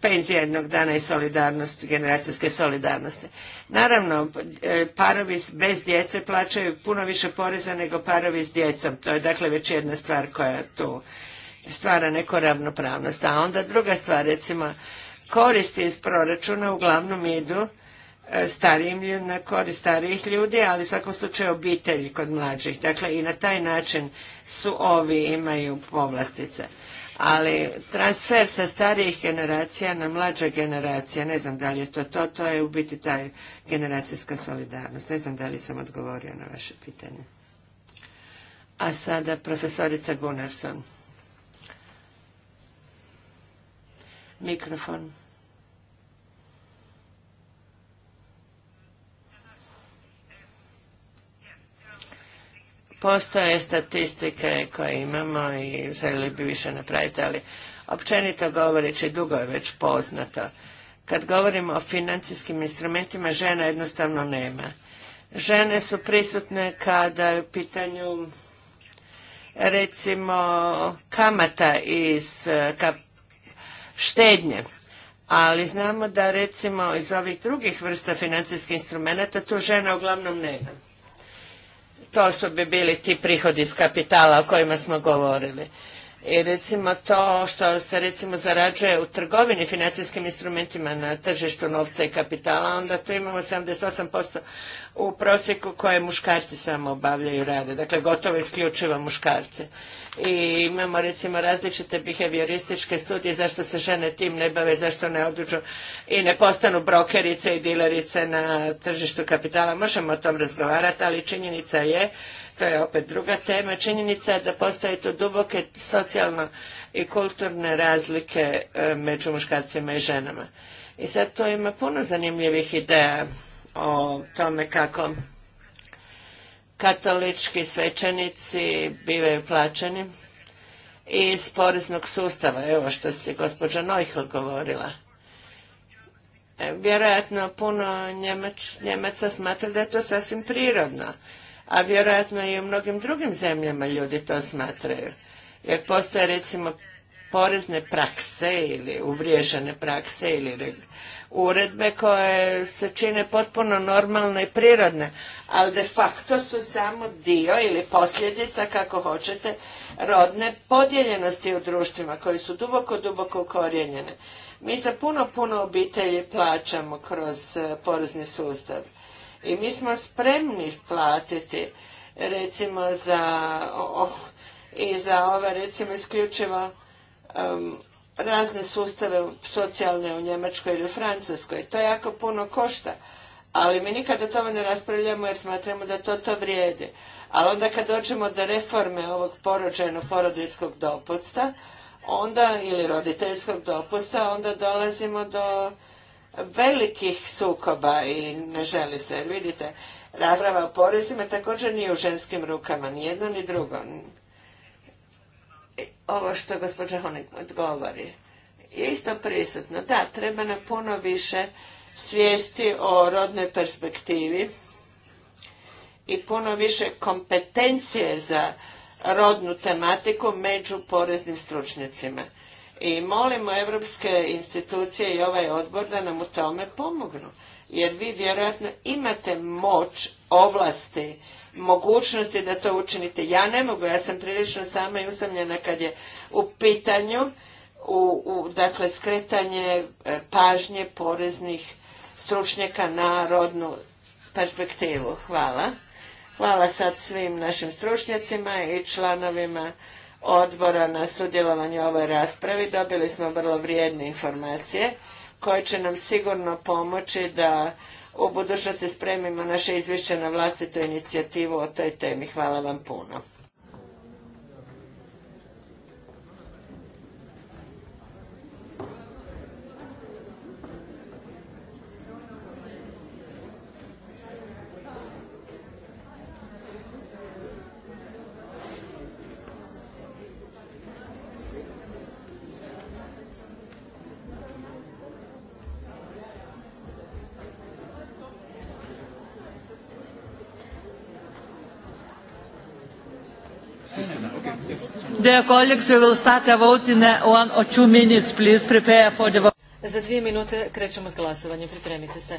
penzija jednog dana i solidarnost, generacijske solidarnosti. Naravno, e, parovi bez djece plaćaju puno više poreza nego parovi s djecom. To je dakle već jedna stvar koja tu stvara neku ravnopravnost. A onda druga stvar, recimo, koristi iz proračuna uglavnom idu e, starijim, na korist starijih ljudi, ali u svakom slučaju obitelji kod mlađih. Dakle, i na taj način su ovi imaju povlastice. Ali transfer sa starijih generacija na mlađe generacije, ne znam da li je to to, to je u biti ta generacijska solidarnost. Ne znam da li sam odgovorio na vaše pitanje. A sada profesorica Gunnarsson. Mikrofon. Postoje statistike koje imamo i želi bi više napraviti, ali općenito govoreći dugo je već poznato. Kad govorimo o financijskim instrumentima, žena jednostavno nema. Žene su prisutne kada je u pitanju recimo kamata iz štednje. Ali znamo da recimo iz ovih drugih vrsta financijskih instrumenta tu žena uglavnom nema. To su bi bili ti prihodi iz kapitala o kojima smo govorili. I recimo to što se recimo zarađuje u trgovini financijskim instrumentima na tržištu novca i kapitala, onda tu imamo 78% u prosjeku koje muškarci samo obavljaju rade. Dakle, gotovo isključivo muškarce. I imamo recimo različite behaviorističke studije zašto se žene tim ne bave, zašto ne oduđu i ne postanu brokerice i dilerice na tržištu kapitala. Možemo o tom razgovarati, ali činjenica je to je opet druga tema. Činjenica je da postoje to duboke socijalno i kulturne razlike e, među muškarcima i ženama. I sad to ima puno zanimljivih ideja o tome kako katolički svećenici bivaju plaćeni iz poreznog sustava, evo što si gospođa Neuhl govorila. E, vjerojatno puno Njemaca smatra da je to sasvim prirodno, a vjerojatno i u mnogim drugim zemljama ljudi to smatraju. Jer postoje recimo porezne prakse ili uvriješene prakse ili uredbe koje se čine potpuno normalne i prirodne, ali de facto su samo dio ili posljedica, kako hoćete, rodne podijeljenosti u društvima koji su duboko, duboko ukorijenjene. Mi za puno, puno obitelji plaćamo kroz eh, porezni sustav i mi smo spremni platiti recimo za oh, i za ove recimo isključivo razne sustave socijalne u Njemačkoj ili u Francuskoj. To jako puno košta. Ali mi nikada o tome ne raspravljamo jer smatramo da to to vrijedi. Ali onda kad dođemo do reforme ovog porođajnog porodinskog dopusta, onda, ili roditeljskog dopusta, onda dolazimo do velikih sukoba i ne želi se. vidite, razrava o porezima također nije u ženskim rukama, ni jedno ni drugo. Ovo što gospođa Honek odgovori. je isto prisutno. Da, treba nam puno više svijesti o rodnoj perspektivi i puno više kompetencije za rodnu tematiku među poreznim stručnjacima. I molimo evropske institucije i ovaj odbor da nam u tome pomognu. Jer vi vjerojatno imate moć, ovlasti, mogućnosti da to učinite. Ja ne mogu, ja sam prilično sama i usamljena kad je u pitanju u, dakle skretanje e, pažnje poreznih stručnjaka na rodnu perspektivu. Hvala. Hvala sad svim našim stručnjacima i članovima odbora na sudjelovanje u ovoj raspravi. Dobili smo vrlo vrijedne informacije koje će nam sigurno pomoći da u budućnosti spremimo naše izvješće na vlastitu inicijativu o toj temi. Hvala vam puno. Dear colleagues, will start the vote in uh, one for Za dvije minute krećemo s glasovanjem. Pripremite se.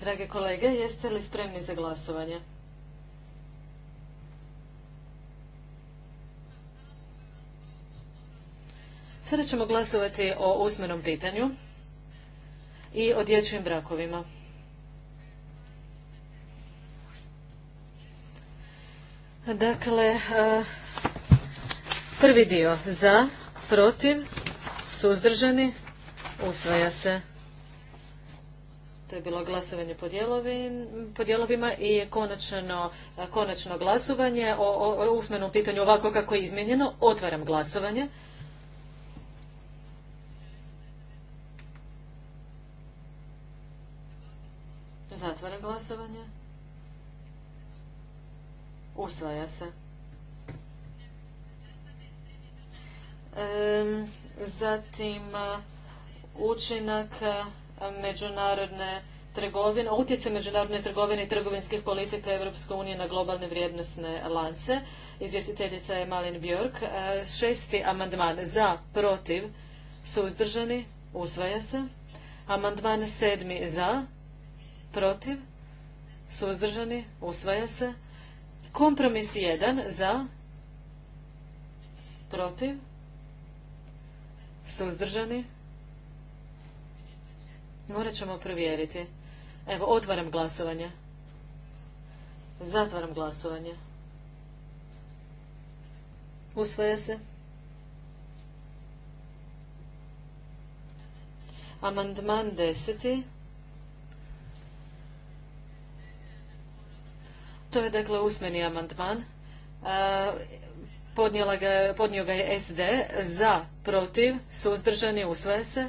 Drage kolege, jeste li spremni za glasovanje? Sada ćemo glasovati o usmenom pitanju i o dječjim brakovima. Dakle, e, prvi dio za, protiv, suzdržani, usvaja se. To je bilo glasovanje po, dijelovima i konačno, konačno glasovanje o, usmenom pitanju ovako kako je izmijenjeno. Otvaram glasovanje. Zatvaram glasovanje. Usvaja se. zatim učinak međunarodne trgovine, utjecaj međunarodne trgovine i trgovinskih politika Europske unije na globalne vrijednosne lance. Izvjestiteljica je Malin Björk. E, šesti amandman za, protiv, suzdržani, usvaja se. Amandman sedmi za, protiv, suzdržani, usvaja se. Kompromis jedan za, protiv, suzdržani, Morat ćemo provjeriti. Evo, otvaram glasovanje. Zatvaram glasovanje. Usvaja se. Amandman deseti. To je dakle usmeni amandman. E, podnio ga je SD. Za, protiv, suzdržani, usvaja se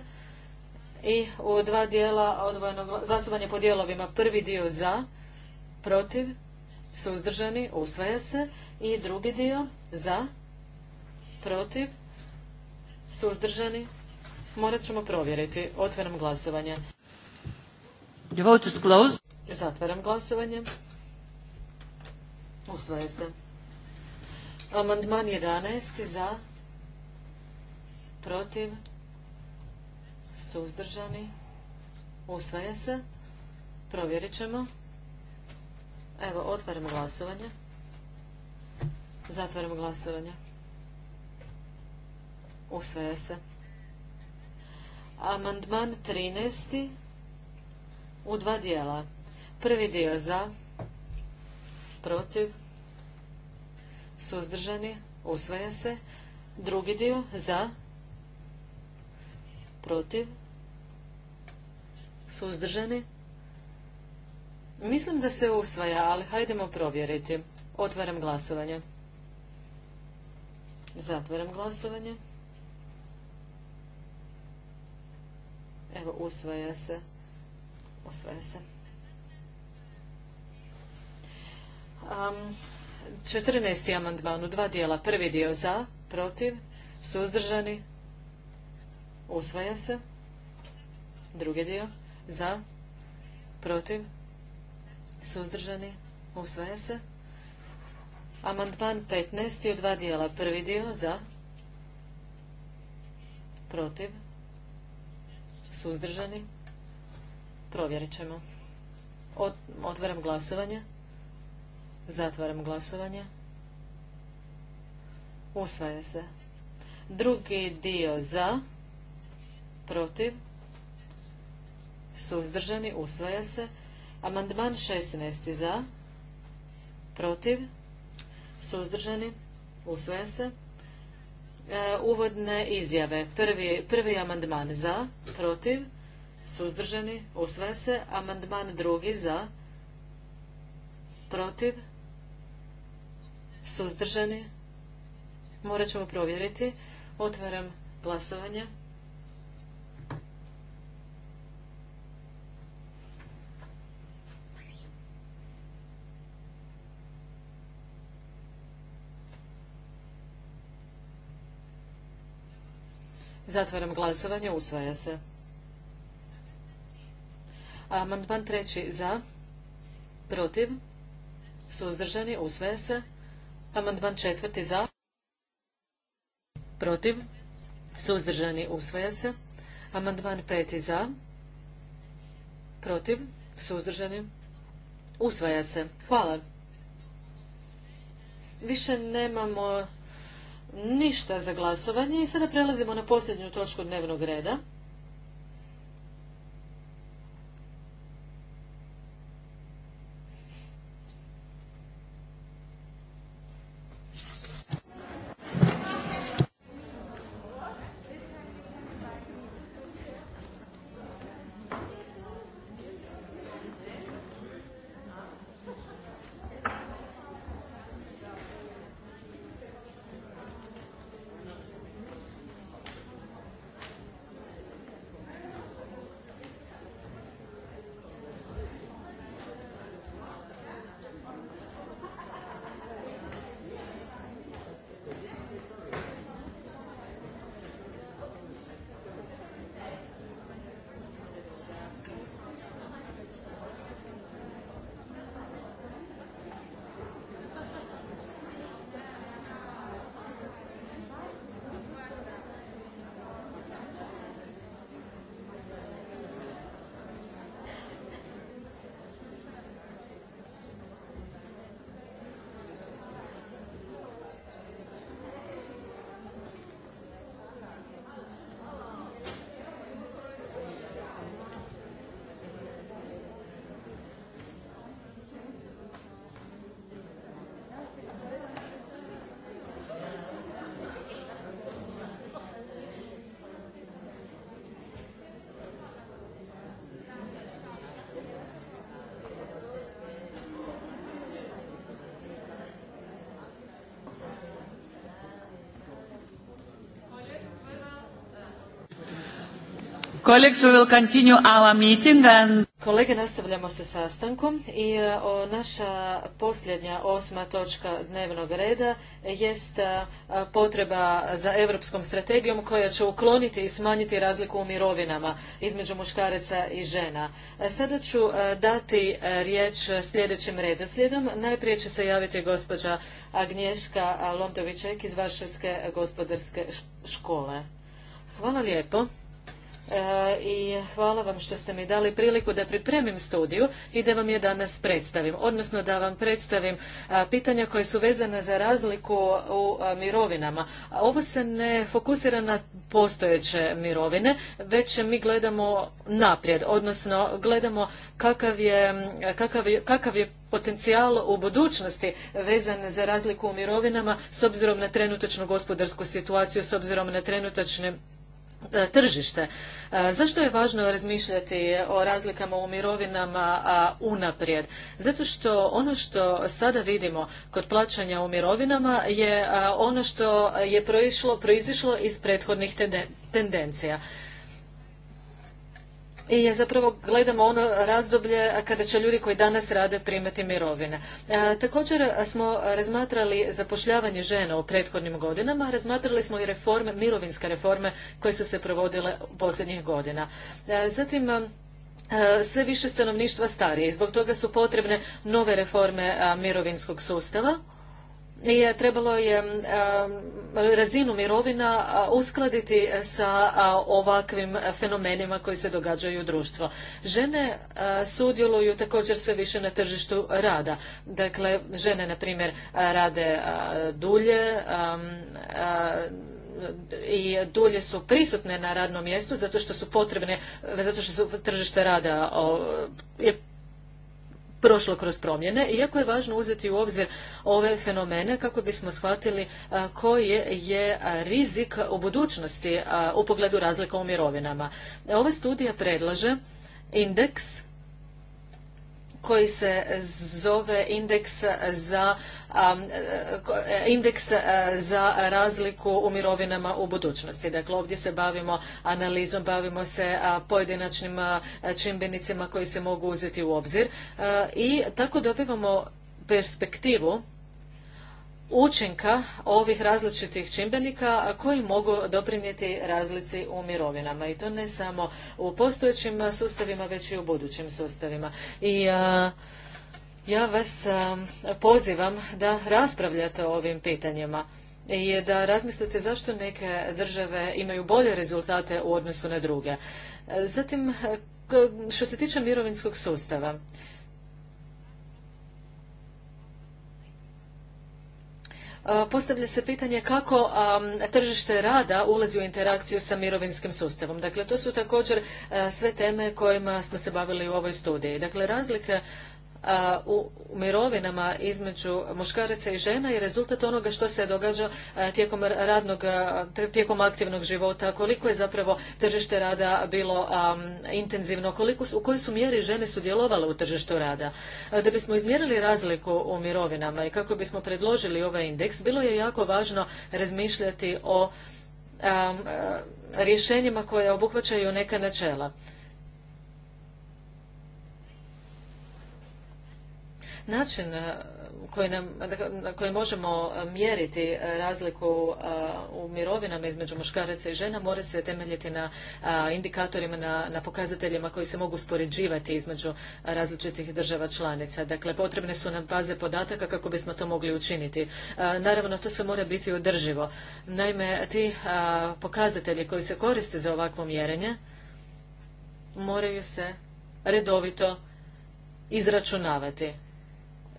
i u dva dijela odvojeno glasovanje po dijelovima. Prvi dio za, protiv, suzdržani, usvaja se i drugi dio za, protiv, suzdržani, morat ćemo provjeriti. Otvaram glasovanje. Zatvaram glasovanje. Usvaja se. Amandman 11 za, protiv, suzdržani, usvaja se. Provjerit ćemo. Evo, otvaramo glasovanje. Zatvaramo glasovanje. Usvaja se. Amandman 13. u dva dijela. Prvi dio za, protiv, suzdržani, usvaja se. Drugi dio za, protiv, suzdržani. Mislim da se usvaja, ali hajdemo provjeriti. Otvaram glasovanje. Zatvaram glasovanje. Evo, usvaja se. Usvaja se. 14. amandman u dva dijela. Prvi dio za, protiv, suzdržani, Usvaja se. Drugi dio. Za. Protiv. Suzdržani. Usvaja se. Amandman 15. u dva dijela. Prvi dio. Za. Protiv. Suzdržani. Provjerit ćemo. Otvaram glasovanje. Zatvaram glasovanje. Usvaja se. Drugi dio za protiv, suzdržani, usvaja se. Amandman 16. za, protiv, suzdržani, usvaja se. E, uvodne izjave. Prvi, prvi amandman za, protiv, suzdržani, usvaja se. Amandman drugi za, protiv, suzdržani, morat ćemo provjeriti. Otvaram glasovanje. Zatvaram glasovanje. Usvaja se. Amandman treći za. Protiv. Suzdržani. Usvaja se. Amandman četvrti za. Protiv. Suzdržani. Usvaja se. Amandman peti za. Protiv. Suzdržani. Usvaja se. Hvala. Više nemamo ništa za glasovanje i sada prelazimo na posljednju točku dnevnog reda. Colleagues, we Kolege, nastavljamo se sastankom i e, naša posljednja osma točka dnevnog reda jest e, potreba za europskom strategijom koja će ukloniti i smanjiti razliku u mirovinama između muškaraca i žena. E, sada ću dati riječ sljedećim redoslijedom. Najprije će se javiti gospođa Agnješka Lontoviček iz Varševske gospodarske škole. Hvala lijepo. E, i hvala vam što ste mi dali priliku da pripremim studiju i da vam je danas predstavim, odnosno da vam predstavim e, pitanja koja su vezana za razliku u e, mirovinama. Ovo se ne fokusira na postojeće mirovine, već mi gledamo naprijed, odnosno gledamo kakav je, kakav je, kakav je potencijal u budućnosti vezan za razliku u mirovinama s obzirom na trenutačnu gospodarsku situaciju, s obzirom na trenutačne E, tržište. E, zašto je važno razmišljati o razlikama u mirovinama unaprijed? Zato što ono što sada vidimo kod plaćanja u mirovinama je e, ono što je proizišlo iz prethodnih tendencija i zapravo gledamo ono razdoblje kada će ljudi koji danas rade primati mirovine. E, također smo razmatrali zapošljavanje žena u prethodnim godinama, razmatrali smo i reforme, mirovinske reforme koje su se provodile posljednjih godina. E, zatim e, sve više stanovništva starije i zbog toga su potrebne nove reforme mirovinskog sustava je trebalo je e, razinu mirovina uskladiti sa ovakvim fenomenima koji se događaju u društvu. Žene e, sudjeluju također sve više na tržištu rada. Dakle, žene, na primjer, rade e, dulje, i dulje su prisutne na radnom mjestu zato što su potrebne, zato što su tržište rada je prošlo kroz promjene, iako je važno uzeti u obzir ove fenomene kako bismo shvatili koji je rizik u budućnosti u pogledu razlika u mirovinama. Ova studija predlaže indeks koji se zove indeks za Um, eh, indeks eh, za razliku u mirovinama u budućnosti. Dakle, ovdje se bavimo analizom, bavimo se eh, pojedinačnim čimbenicima koji se mogu uzeti u obzir i tako dobivamo perspektivu učinka ovih različitih čimbenika koji mogu doprinijeti razlici u mirovinama i to ne samo u postojećim sustavima već i u budućim sustavima. I ja vas e, pozivam da raspravljate o ovim pitanjima i da razmislite zašto neke države imaju bolje rezultate u odnosu na druge. E, zatim, e, što se tiče mirovinskog sustava, postavlja se pitanje kako tržište rada ulazi u interakciju sa mirovinskim sustavom. Dakle, to su također sve teme kojima smo se bavili u ovoj studiji. Dakle, razlike u mirovinama između muškaraca i žena je rezultat onoga što se događa tijekom radnog, tijekom aktivnog života, koliko je zapravo tržište rada bilo intenzivno, koliko, u kojoj su mjeri žene sudjelovale u tržištu rada. Da bismo izmjerili razliku u mirovinama i kako bismo predložili ovaj indeks, bilo je jako važno razmišljati o rješenjima koje obuhvaćaju neka načela. Način e, koji nam, na koji možemo e, mjeriti e, razliku u mirovinama između muškaraca i žena mora se temeljiti na indikatorima, na, na pokazateljima koji se mogu uspoređivati između različitih država članica. Dakle, potrebne su nam baze podataka kako bismo to mogli učiniti. Naravno, to sve mora biti održivo. Naime, ti pokazatelji koji se koriste za ovakvo mjerenje moraju se redovito izračunavati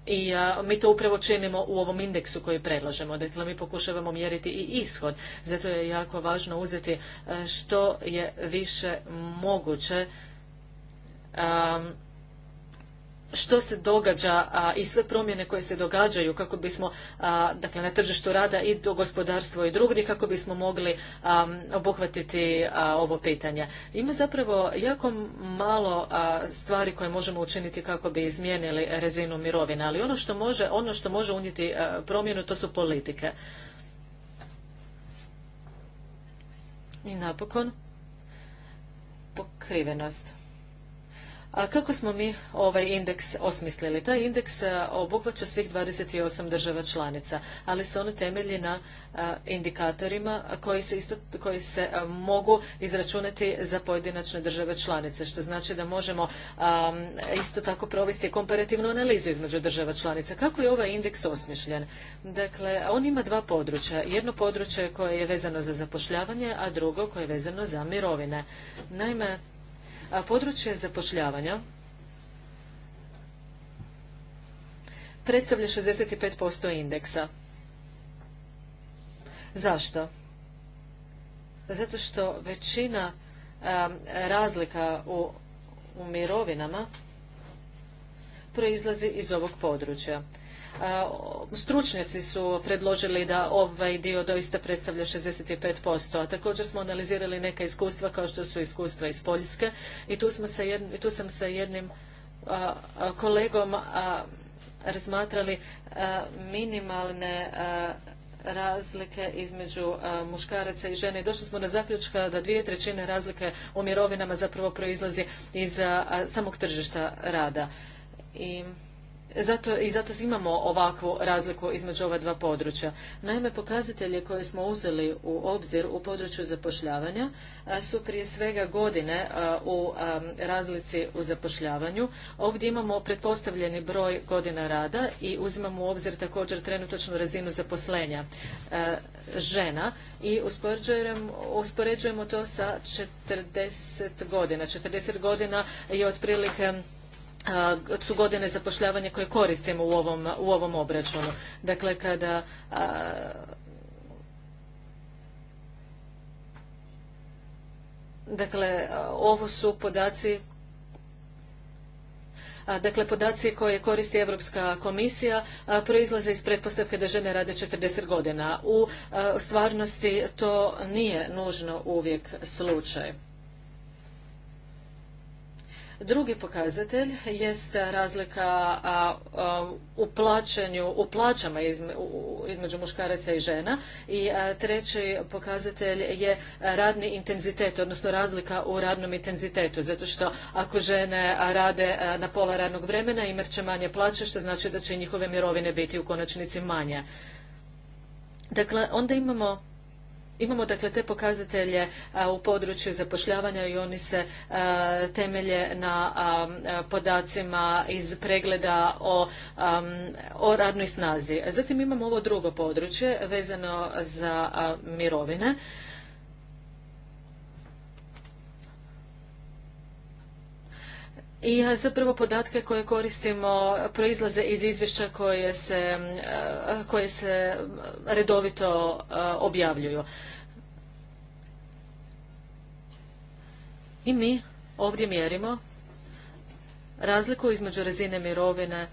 i mi to upravo činimo u ovom indeksu koji predlažemo. Dakle, mi pokušavamo mjeriti i ishod. Zato je jako važno uzeti e, što je više moguće što se događa i sve promjene koje se događaju kako bismo dakle na tržištu rada i do gospodarstvo i drugdje kako bismo mogli obuhvatiti ovo pitanje. Ima zapravo jako malo stvari koje možemo učiniti kako bi izmijenili rezinu mirovina, ali ono što može, ono što može unijeti promjenu to su politike. I napokon pokrivenost. A kako smo mi ovaj indeks osmislili? Taj indeks obuhvaća svih 28 država članica, ali se ono temelji na indikatorima koji se, isto, koji se mogu izračunati za pojedinačne države članice, što znači da možemo isto tako provesti komparativnu analizu između država članica. Kako je ovaj indeks osmišljen? Dakle, on ima dva područja. Jedno područje koje je vezano za zapošljavanje, a drugo koje je vezano za mirovine. Naime, područje zapošljavanja predstavlja 65% indeksa. Zašto? Zato što većina um, razlika u, u mirovinama proizlazi iz ovog područja. Stručnjaci su predložili da ovaj dio doista predstavlja 65%, a također smo analizirali neka iskustva kao što su iskustva iz Poljske i tu, sam sa jednim kolegom razmatrali minimalne razlike između muškaraca i žene. Došli smo do zaključka da dvije trećine razlike u mirovinama zapravo proizlazi iz samog tržišta rada. I zato, I zato imamo ovakvu razliku između ova dva područja. Naime, pokazatelje koje smo uzeli u obzir u području zapošljavanja su prije svega godine u razlici u zapošljavanju. Ovdje imamo pretpostavljeni broj godina rada i uzimamo u obzir također trenutačnu razinu zaposlenja žena i uspoređujemo, uspoređujemo to sa 40 godina. 40 godina je otprilike su godine zapošljavanja koje koristimo u ovom, obračunu. Dakle, kada Dakle, ovo su podaci Dakle, podaci koje koristi Europska komisija proizlaze iz pretpostavke da žene rade 40 godina. U stvarnosti to nije nužno uvijek slučaj. Drugi pokazatelj jest razlika u plaćanju, u plaćama između muškaraca i žena i treći pokazatelj je radni intenzitet, odnosno razlika u radnom intenzitetu, zato što ako žene rade na pola radnog vremena imat će manje plaće, što znači da će njihove mirovine biti u konačnici manje. Dakle, onda imamo Imamo dakle te pokazatelje u području zapošljavanja i oni se temelje na podacima iz pregleda o, o radnoj snazi. Zatim imamo ovo drugo područje vezano za mirovine. I zapravo podatke koje koristimo proizlaze iz izvješća koje se, eh, koje se redovito eh, objavljuju. I mi ovdje mjerimo razliku između razine mirovine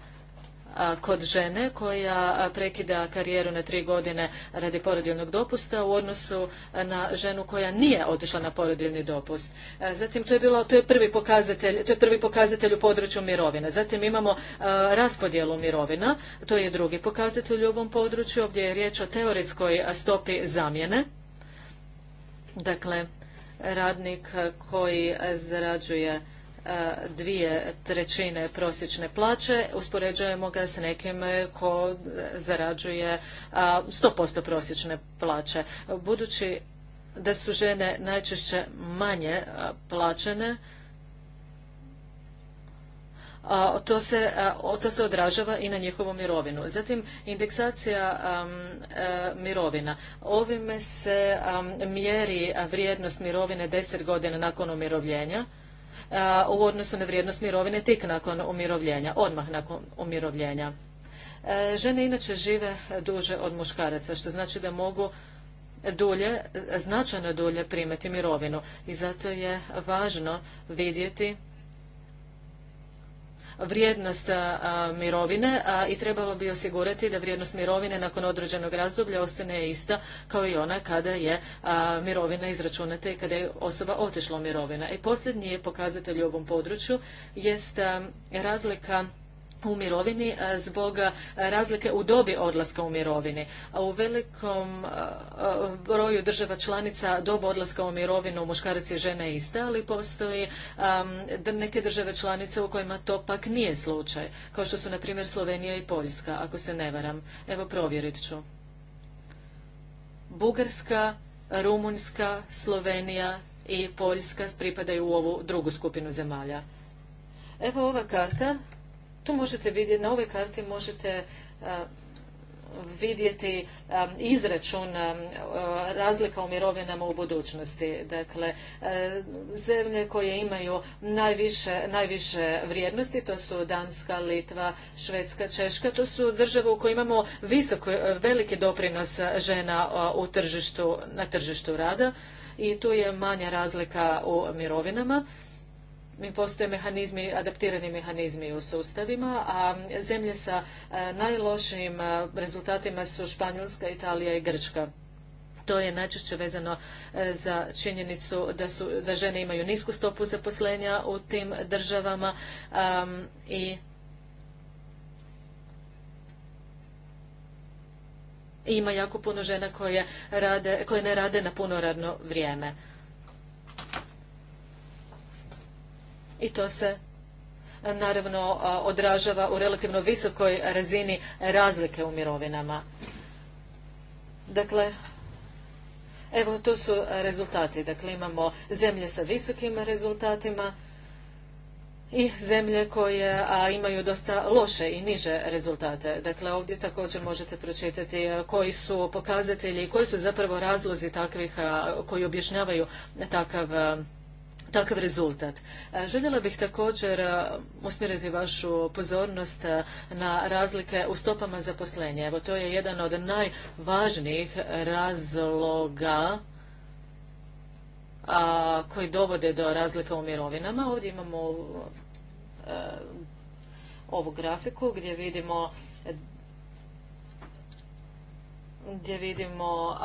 kod žene koja prekida karijeru na tri godine radi porodiljnog dopusta u odnosu na ženu koja nije otišla na porodiljni dopust. Zatim to je bilo, to je prvi pokazatelj, to je prvi pokazatelj u području mirovina. Zatim imamo raspodjelu mirovina, to je drugi pokazatelj u ovom području, ovdje je riječ o teoretskoj stopi zamjene. Dakle, radnik koji zarađuje E, dvije trećine prosječne plaće, uspoređujemo ga s nekim ko zarađuje 100% e, prosječne plaće. Budući da su žene najčešće manje e, plaćene, to se, to se odražava i na njihovu mirovinu. Zatim, indeksacija mirovina. Ovime se mjeri vrijednost mirovine 10 godina nakon umirovljenja u odnosu na vrijednost mirovine tik nakon umirovljenja, odmah nakon umirovljenja. E, žene inače žive duže od muškaraca, što znači da mogu dulje, značajno dulje primati mirovinu. I zato je važno vidjeti vrijednost mirovine i trebalo bi osigurati da vrijednost mirovine nakon određenog razdoblja ostane ista kao i ona kada je mirovina izračunata i kada je osoba otišla u mirovina. I posljednji je pokazatelj u ovom području jest razlika u mirovini e, zbog e, razlike u dobi odlaska u mirovini. A u velikom e, broju država članica doba odlaska u mirovinu muškarac i žene je ista, ali postoji neke države članice u kojima to pak nije slučaj, kao što su na primjer Slovenija i Poljska, ako se ne varam. Evo provjerit ću. Bugarska, Rumunjska, Slovenija i Poljska pripadaju u ovu drugu skupinu zemalja. Evo ova karta tu možete vidjeti, na ovoj karti možete e, vidjeti e, izračun e, razlika u mirovinama u budućnosti. Dakle, zemlje koje imaju najviše, najviše vrijednosti, to su Danska, Litva, Švedska, Češka, to su države u kojima imamo visok veliki doprinos žena u tržištu, na tržištu rada i tu je manja razlika u mirovinama postoje mehanizmi, adaptirani mehanizmi u sustavima, a zemlje sa e, najlošijim e, rezultatima su Španjolska, Italija i Grčka. To je najčešće vezano e, za činjenicu da, su, žene imaju nisku stopu zaposlenja u tim državama i ima jako puno žena koje, koje ne rade na puno radno vrijeme. i to se naravno odražava u relativno visokoj razini razlike u mirovinama. Dakle, evo to su rezultati. Dakle, imamo zemlje sa visokim rezultatima i zemlje koje imaju dosta loše i niže rezultate. Dakle, ovdje također možete pročitati koji su pokazatelji, koji su zapravo razlozi takvih koji objašnjavaju takav takav rezultat. E, željela bih također e, usmjeriti vašu pozornost e, na razlike u stopama zaposlenja. Evo, to je jedan od najvažnijih razloga koji dovode do razlika u mirovinama. Ovdje imamo ovu grafiku gdje vidimo gdje vidimo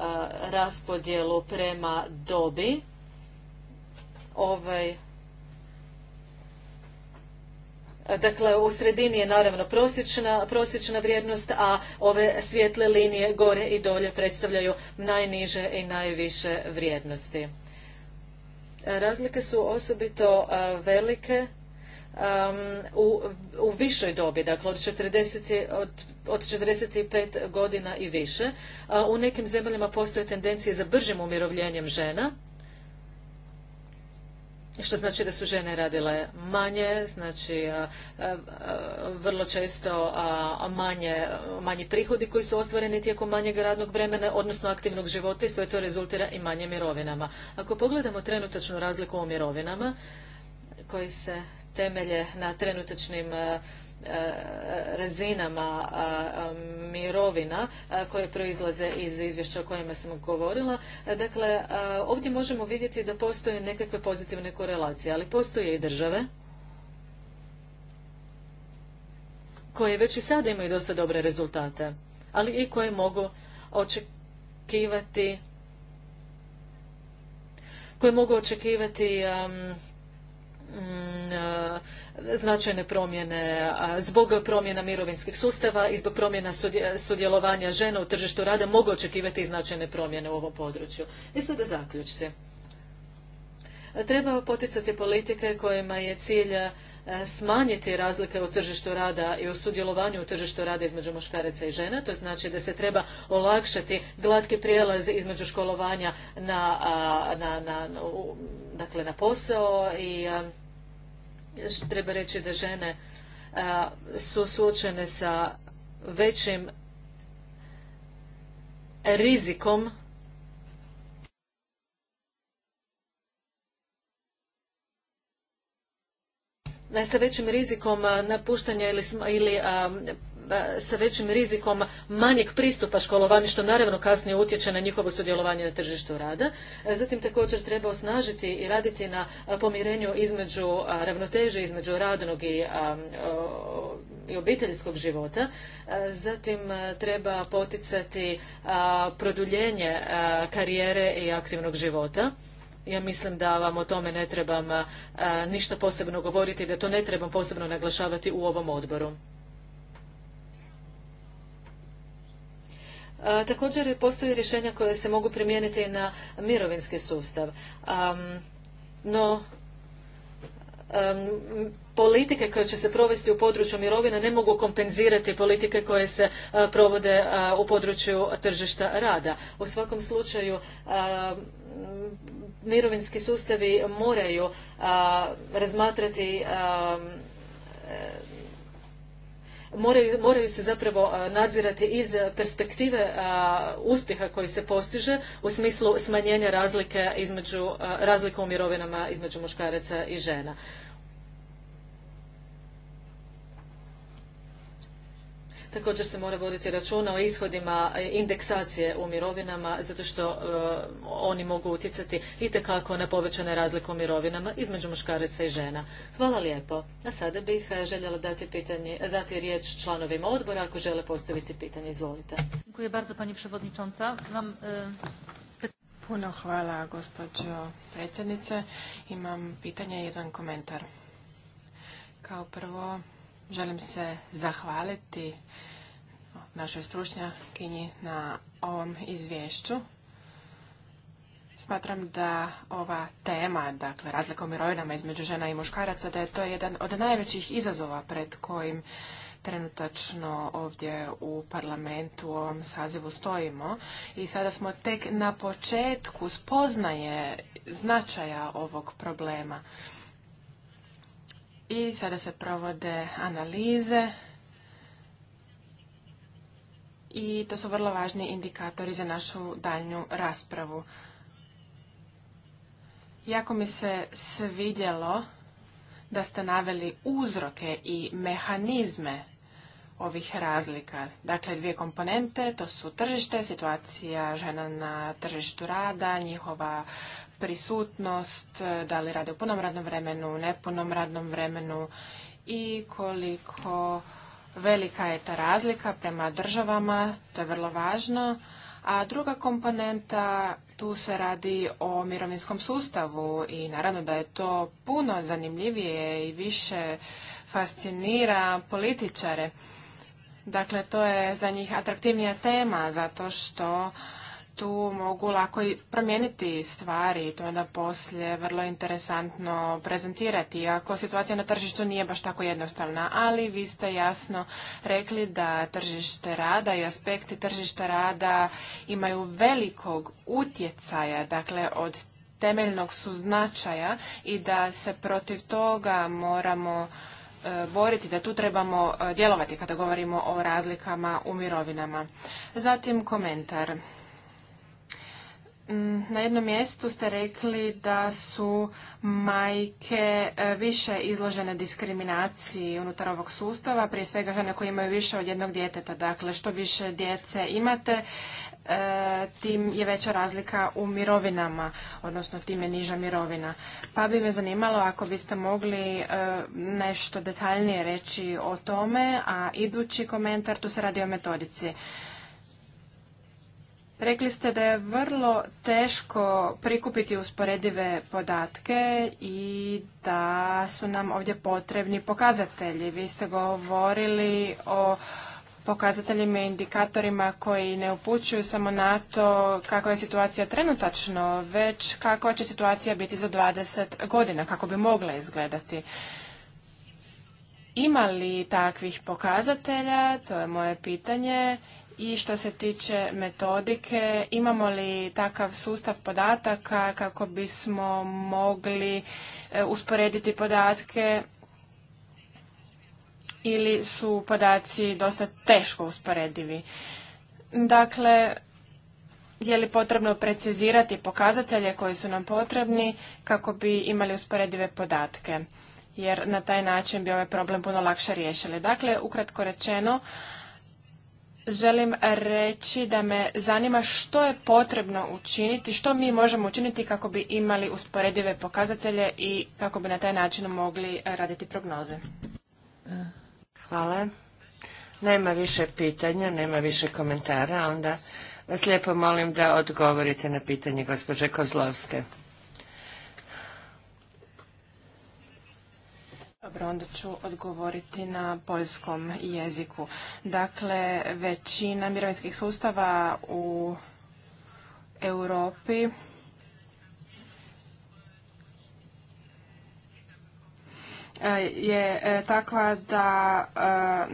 E, raspodjelu prema dobi. Ovaj Dakle, u sredini je naravno prosječna, prosječna vrijednost, a ove svijetle linije gore i dolje predstavljaju najniže i najviše vrijednosti. E, razlike su osobito e, velike u, u višoj dobi, dakle od 40, od od 45 godina i više. U nekim zemljama postoje tendencije za bržim umirovljenjem žena, što znači da su žene radile manje, znači vrlo često manji prihodi koji su ostvareni tijekom manjeg radnog vremena, odnosno aktivnog života i sve to rezultira i manje mirovinama. Ako pogledamo trenutačnu razliku u mirovinama, koji se temelje na trenutačnim E, razinama e, e, mirovina koje proizlaze iz izvješća o kojima sam govorila. Dakle, ovdje možemo vidjeti da postoje nekakve pozitivne korelacije, ali postoje i države koje već i sada imaju dosta dobre rezultate, ali i koje mogu očekivati koje mogu očekivati Mm, e, značajne promjene zbog promjena mirovinskih sustava i zbog promjena sudjelovanja žena u tržištu rada mogu očekivati značajne promjene u ovom području. I sada zaključci. Treba poticati politike kojima je cilj e, smanjiti razlike u tržištu rada i u sudjelovanju u tržištu rada između muškaraca i žena. To znači da se treba olakšati glatki prijelaz između školovanja na, na, dakle, na posao i Treba reći da žene su suočene sa većim rizikom sa većim rizikom napuštanja ili, ili E, sa većim rizikom manjeg pristupa školovanju, što naravno kasnije utječe na njihovo sudjelovanje na tržištu rada. E, zatim također treba osnažiti i raditi na e, pomirenju između ravnoteže, između radnog i, i obiteljskog života. Zatim treba poticati produljenje karijere i aktivnog života. Ja mislim da vam o tome ne trebam ništa posebno govoriti, da to ne trebam posebno naglašavati u ovom odboru. također postoje rješenja koje se mogu primijeniti na mirovinski sustav. no, politike koje će se provesti u području mirovina ne mogu kompenzirati politike koje se provode u području tržišta rada. U svakom slučaju mirovinski sustavi moraju razmatrati moraju, se zapravo nadzirati iz perspektive uspjeha koji se postiže u smislu smanjenja razlike između, razlika u mirovinama između muškaraca i žena. Također se mora voditi računa o ishodima e, indeksacije u mirovinama, zato što e, oni mogu utjecati itekako na povećane razlike u mirovinama između muškaraca i žena. Hvala lijepo. A sada bih e, željela dati, pitanje, dati riječ članovima odbora ako žele postaviti pitanje. Izvolite. bardzo, pani przewodnicząca. Puno hvala, gospođo predsjednice. Imam pitanje i jedan komentar. Kao prvo, Želim se zahvaliti našoj stručnjakinji na ovom izvješću. Smatram da ova tema, dakle razlika u mirovinama između žena i muškaraca, da je to jedan od najvećih izazova pred kojim trenutačno ovdje u parlamentu u ovom sazivu stojimo i sada smo tek na početku spoznaje značaja ovog problema i sada se provode analize i to su vrlo važni indikatori za našu daljnju raspravu. Jako mi se svidjelo da ste naveli uzroke i mehanizme ovih razlika. Dakle, dvije komponente, to su tržište, situacija žena na tržištu rada, njihova prisutnost, e, da li rade u punom radnom vremenu, nepunom radnom vremenu i koliko velika je ta razlika prema državama, to je vrlo važno. A druga komponenta, tu se radi o mirovinskom sustavu i naravno da je to puno zanimljivije i više fascinira političare. Dakle, to je za njih atraktivnija tema zato što tu mogu lako i promijeniti stvari i to onda poslije vrlo interesantno prezentirati, iako situacija na tržištu nije baš tako jednostavna, ali vi ste jasno rekli da tržište rada i aspekti tržišta rada imaju velikog utjecaja, dakle od temeljnog su značaja i da se protiv toga moramo e, boriti, da tu trebamo e, djelovati kada govorimo o razlikama u mirovinama. Zatim komentar. Mm, na jednom mjestu ste rekli da su majke e, više izložene diskriminaciji unutar ovog sustava, prije svega žene koje imaju više od jednog djeteta. Dakle, što više djece imate, e, tim je veća razlika u mirovinama, odnosno tim je niža mirovina. Pa bi me zanimalo ako biste mogli e, nešto detaljnije reći o tome, a idući komentar, tu se radi o metodici. Rekli ste da je vrlo teško prikupiti usporedive podatke i da su nam ovdje potrebni pokazatelji. Vi ste govorili o pokazateljima i indikatorima koji ne upućuju samo na to kakva je situacija trenutačno, već kakva će situacija biti za 20 godina, kako bi mogla izgledati. Ima li takvih pokazatelja? To je moje pitanje i što se tiče metodike, imamo li takav sustav podataka kako bismo mogli e, usporediti podatke ili su podaci dosta teško usporedivi. Dakle, je li potrebno precizirati pokazatelje koji su nam potrebni kako bi imali usporedive podatke, jer na taj način bi ovaj problem puno lakše riješili. Dakle, ukratko rečeno, želim reći da me zanima što je potrebno učiniti, što mi možemo učiniti kako bi imali usporedive pokazatelje i kako bi na taj način mogli raditi prognoze. Hvala. Nema više pitanja, nema više komentara, onda vas lijepo molim da odgovorite na pitanje gospođe Kozlovske. Dobro, onda ću odgovoriti na poljskom jeziku. Dakle, većina mirovinskih sustava u Europi je e, takva da e,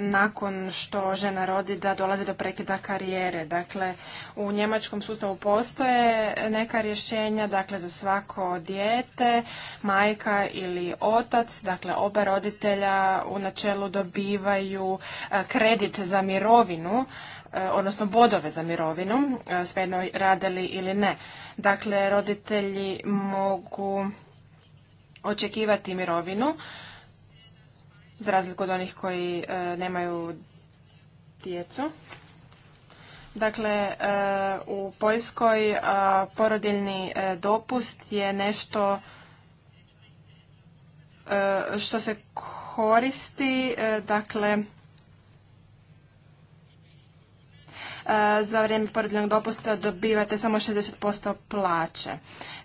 nakon što žena rodi da dolazi do prekida karijere. Dakle, u njemačkom sustavu postoje neka rješenja, dakle za svako dijete, majka ili otac, dakle oba roditelja u načelu dobivaju e, kredit za mirovinu odnosno bodove za mirovinu, svejedno radili ili ne. Dakle, roditelji mogu očekivati mirovinu za razliku od onih koji e, nemaju djecu. Dakle, e, u Poljskoj e, porodiljni dopust je nešto što se koristi, dakle, za vrijeme porodiljnog dopusta dobivate samo 60% plaće,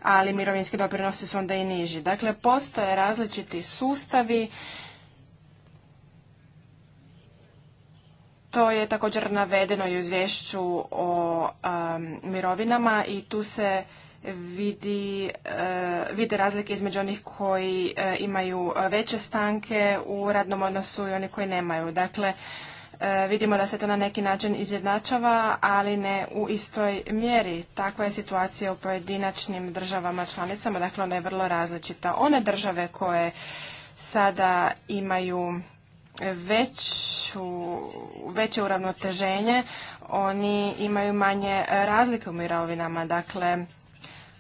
ali mirovinski doprinosi su onda i niži. Dakle, postoje različiti sustavi To je također navedeno i u izvješću o mirovinama i tu se vidi, e, vide razlike između onih koji e, imaju veće stanke u radnom odnosu i oni koji nemaju. Dakle, e, vidimo da se to na neki način izjednačava, ali ne u istoj mjeri. Takva je situacija u pojedinačnim državama članicama, dakle ona je vrlo različita. One države koje sada imaju veće uravnoteženje, oni imaju manje razlike u mirovinama, dakle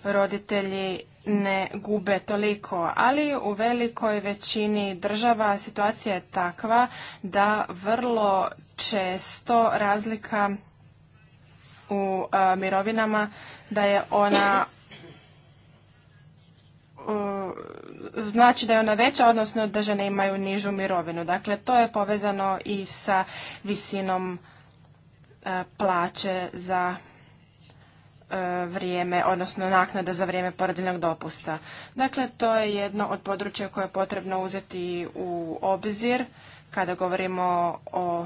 roditelji ne gube toliko, ali u velikoj većini država situacija je takva da vrlo često razlika u mirovinama da je ona znači da je ona veća, odnosno da žene imaju nižu mirovinu. Dakle, to je povezano i sa visinom e, plaće za e, vrijeme, odnosno naknada za vrijeme porodiljnog dopusta. Dakle, to je jedno od područja koje je potrebno uzeti u obzir kada govorimo o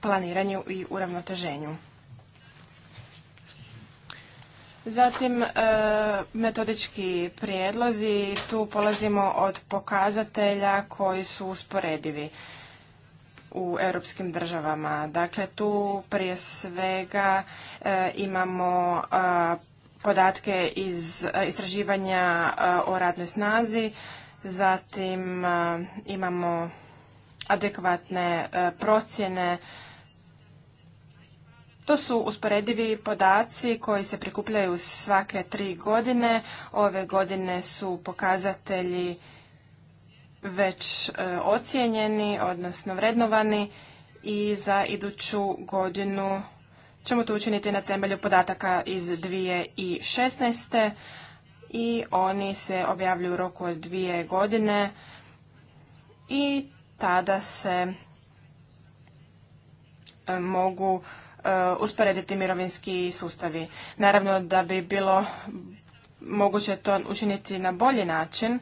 planiranju i uravnoteženju. Zatim, e, metodički prijedlozi, tu polazimo od pokazatelja koji su usporedivi u europskim državama. Dakle, tu prije svega e, imamo e, podatke iz istraživanja o radnoj snazi, zatim imamo adekvatne procjene to su usporedivi podaci koji se prikupljaju svake tri godine. Ove godine su pokazatelji već e, ocijenjeni, odnosno vrednovani i za iduću godinu ćemo to učiniti na temelju podataka iz 2016. i oni se objavljuju u roku od dvije godine i tada se e, mogu Uh, usporediti mirovinski sustavi. Naravno da bi bilo moguće to učiniti na bolji način.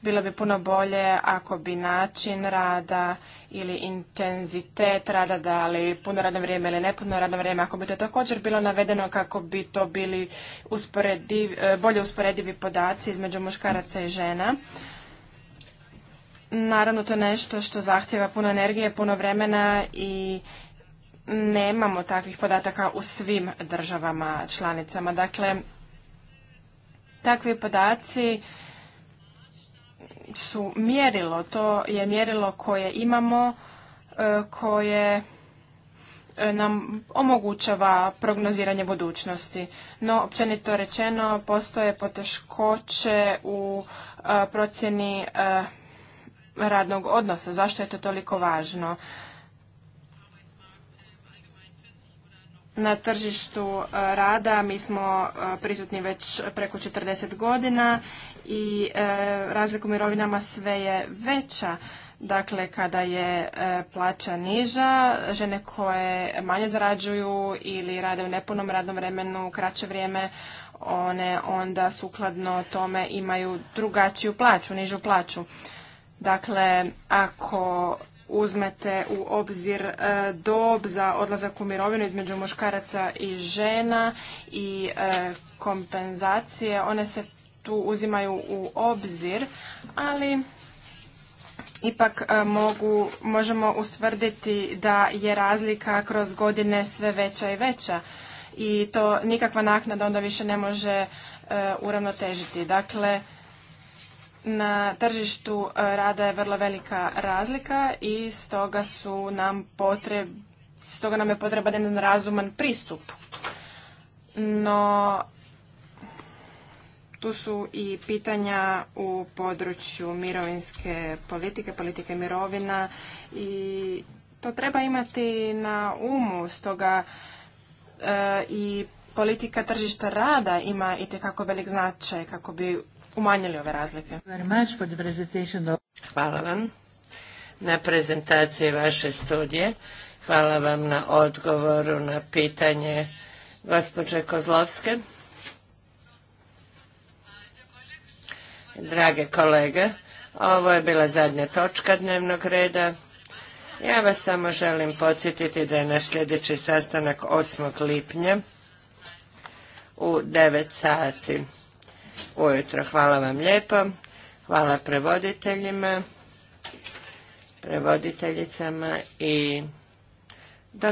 Bilo bi puno bolje ako bi način rada ili intenzitet rada, da puno radno vrijeme ili nepuno radno vrijeme, ako bi to također bilo navedeno kako bi to bili uh, bolje usporedivi podaci između muškaraca i žena. Naravno, to je nešto što zahtjeva puno energije, puno vremena i nemamo takvih podataka u svim državama članicama. Dakle, takvi podaci su mjerilo, to je mjerilo koje imamo, e, koje e, nam omogućava prognoziranje budućnosti. No, općenito rečeno, postoje poteškoće u e, procjeni radnog odnosa. Zašto je to toliko važno? na tržištu e, rada mi smo e, prisutni već preko 40 godina i e, razlika u mirovinama sve je veća. Dakle, kada je plaća niža, žene koje manje zarađuju ili rade u nepunom radnom vremenu kraće vrijeme, one onda sukladno tome imaju drugačiju plaću, nižu plaću. Dakle, ako uzmete u obzir e, dob za odlazak u mirovinu između muškaraca i žena i e, kompenzacije. One se tu uzimaju u obzir, ali ipak e, mogu, možemo ustvrditi da je razlika kroz godine sve veća i veća i to nikakva naknada onda više ne može uravnotežiti. Dakle, na tržištu e, rada je vrlo velika razlika i stoga su nam potreb, stoga nam je potreban jedan razuman pristup. No, tu su i pitanja u području mirovinske politike, politike mirovina i to treba imati na umu, stoga e, i politika tržišta rada ima i kako velik značaj kako bi umanjili ove razlike. Hvala vam na prezentaciji vaše studije. Hvala vam na odgovoru na pitanje gospođe Kozlovske. Drage kolege, ovo je bila zadnja točka dnevnog reda. Ja vas samo želim podsjetiti da je naš sljedeći sastanak 8. lipnja u 9 sati ujutro. Hvala vam lijepo. Hvala prevoditeljima, prevoditeljicama i do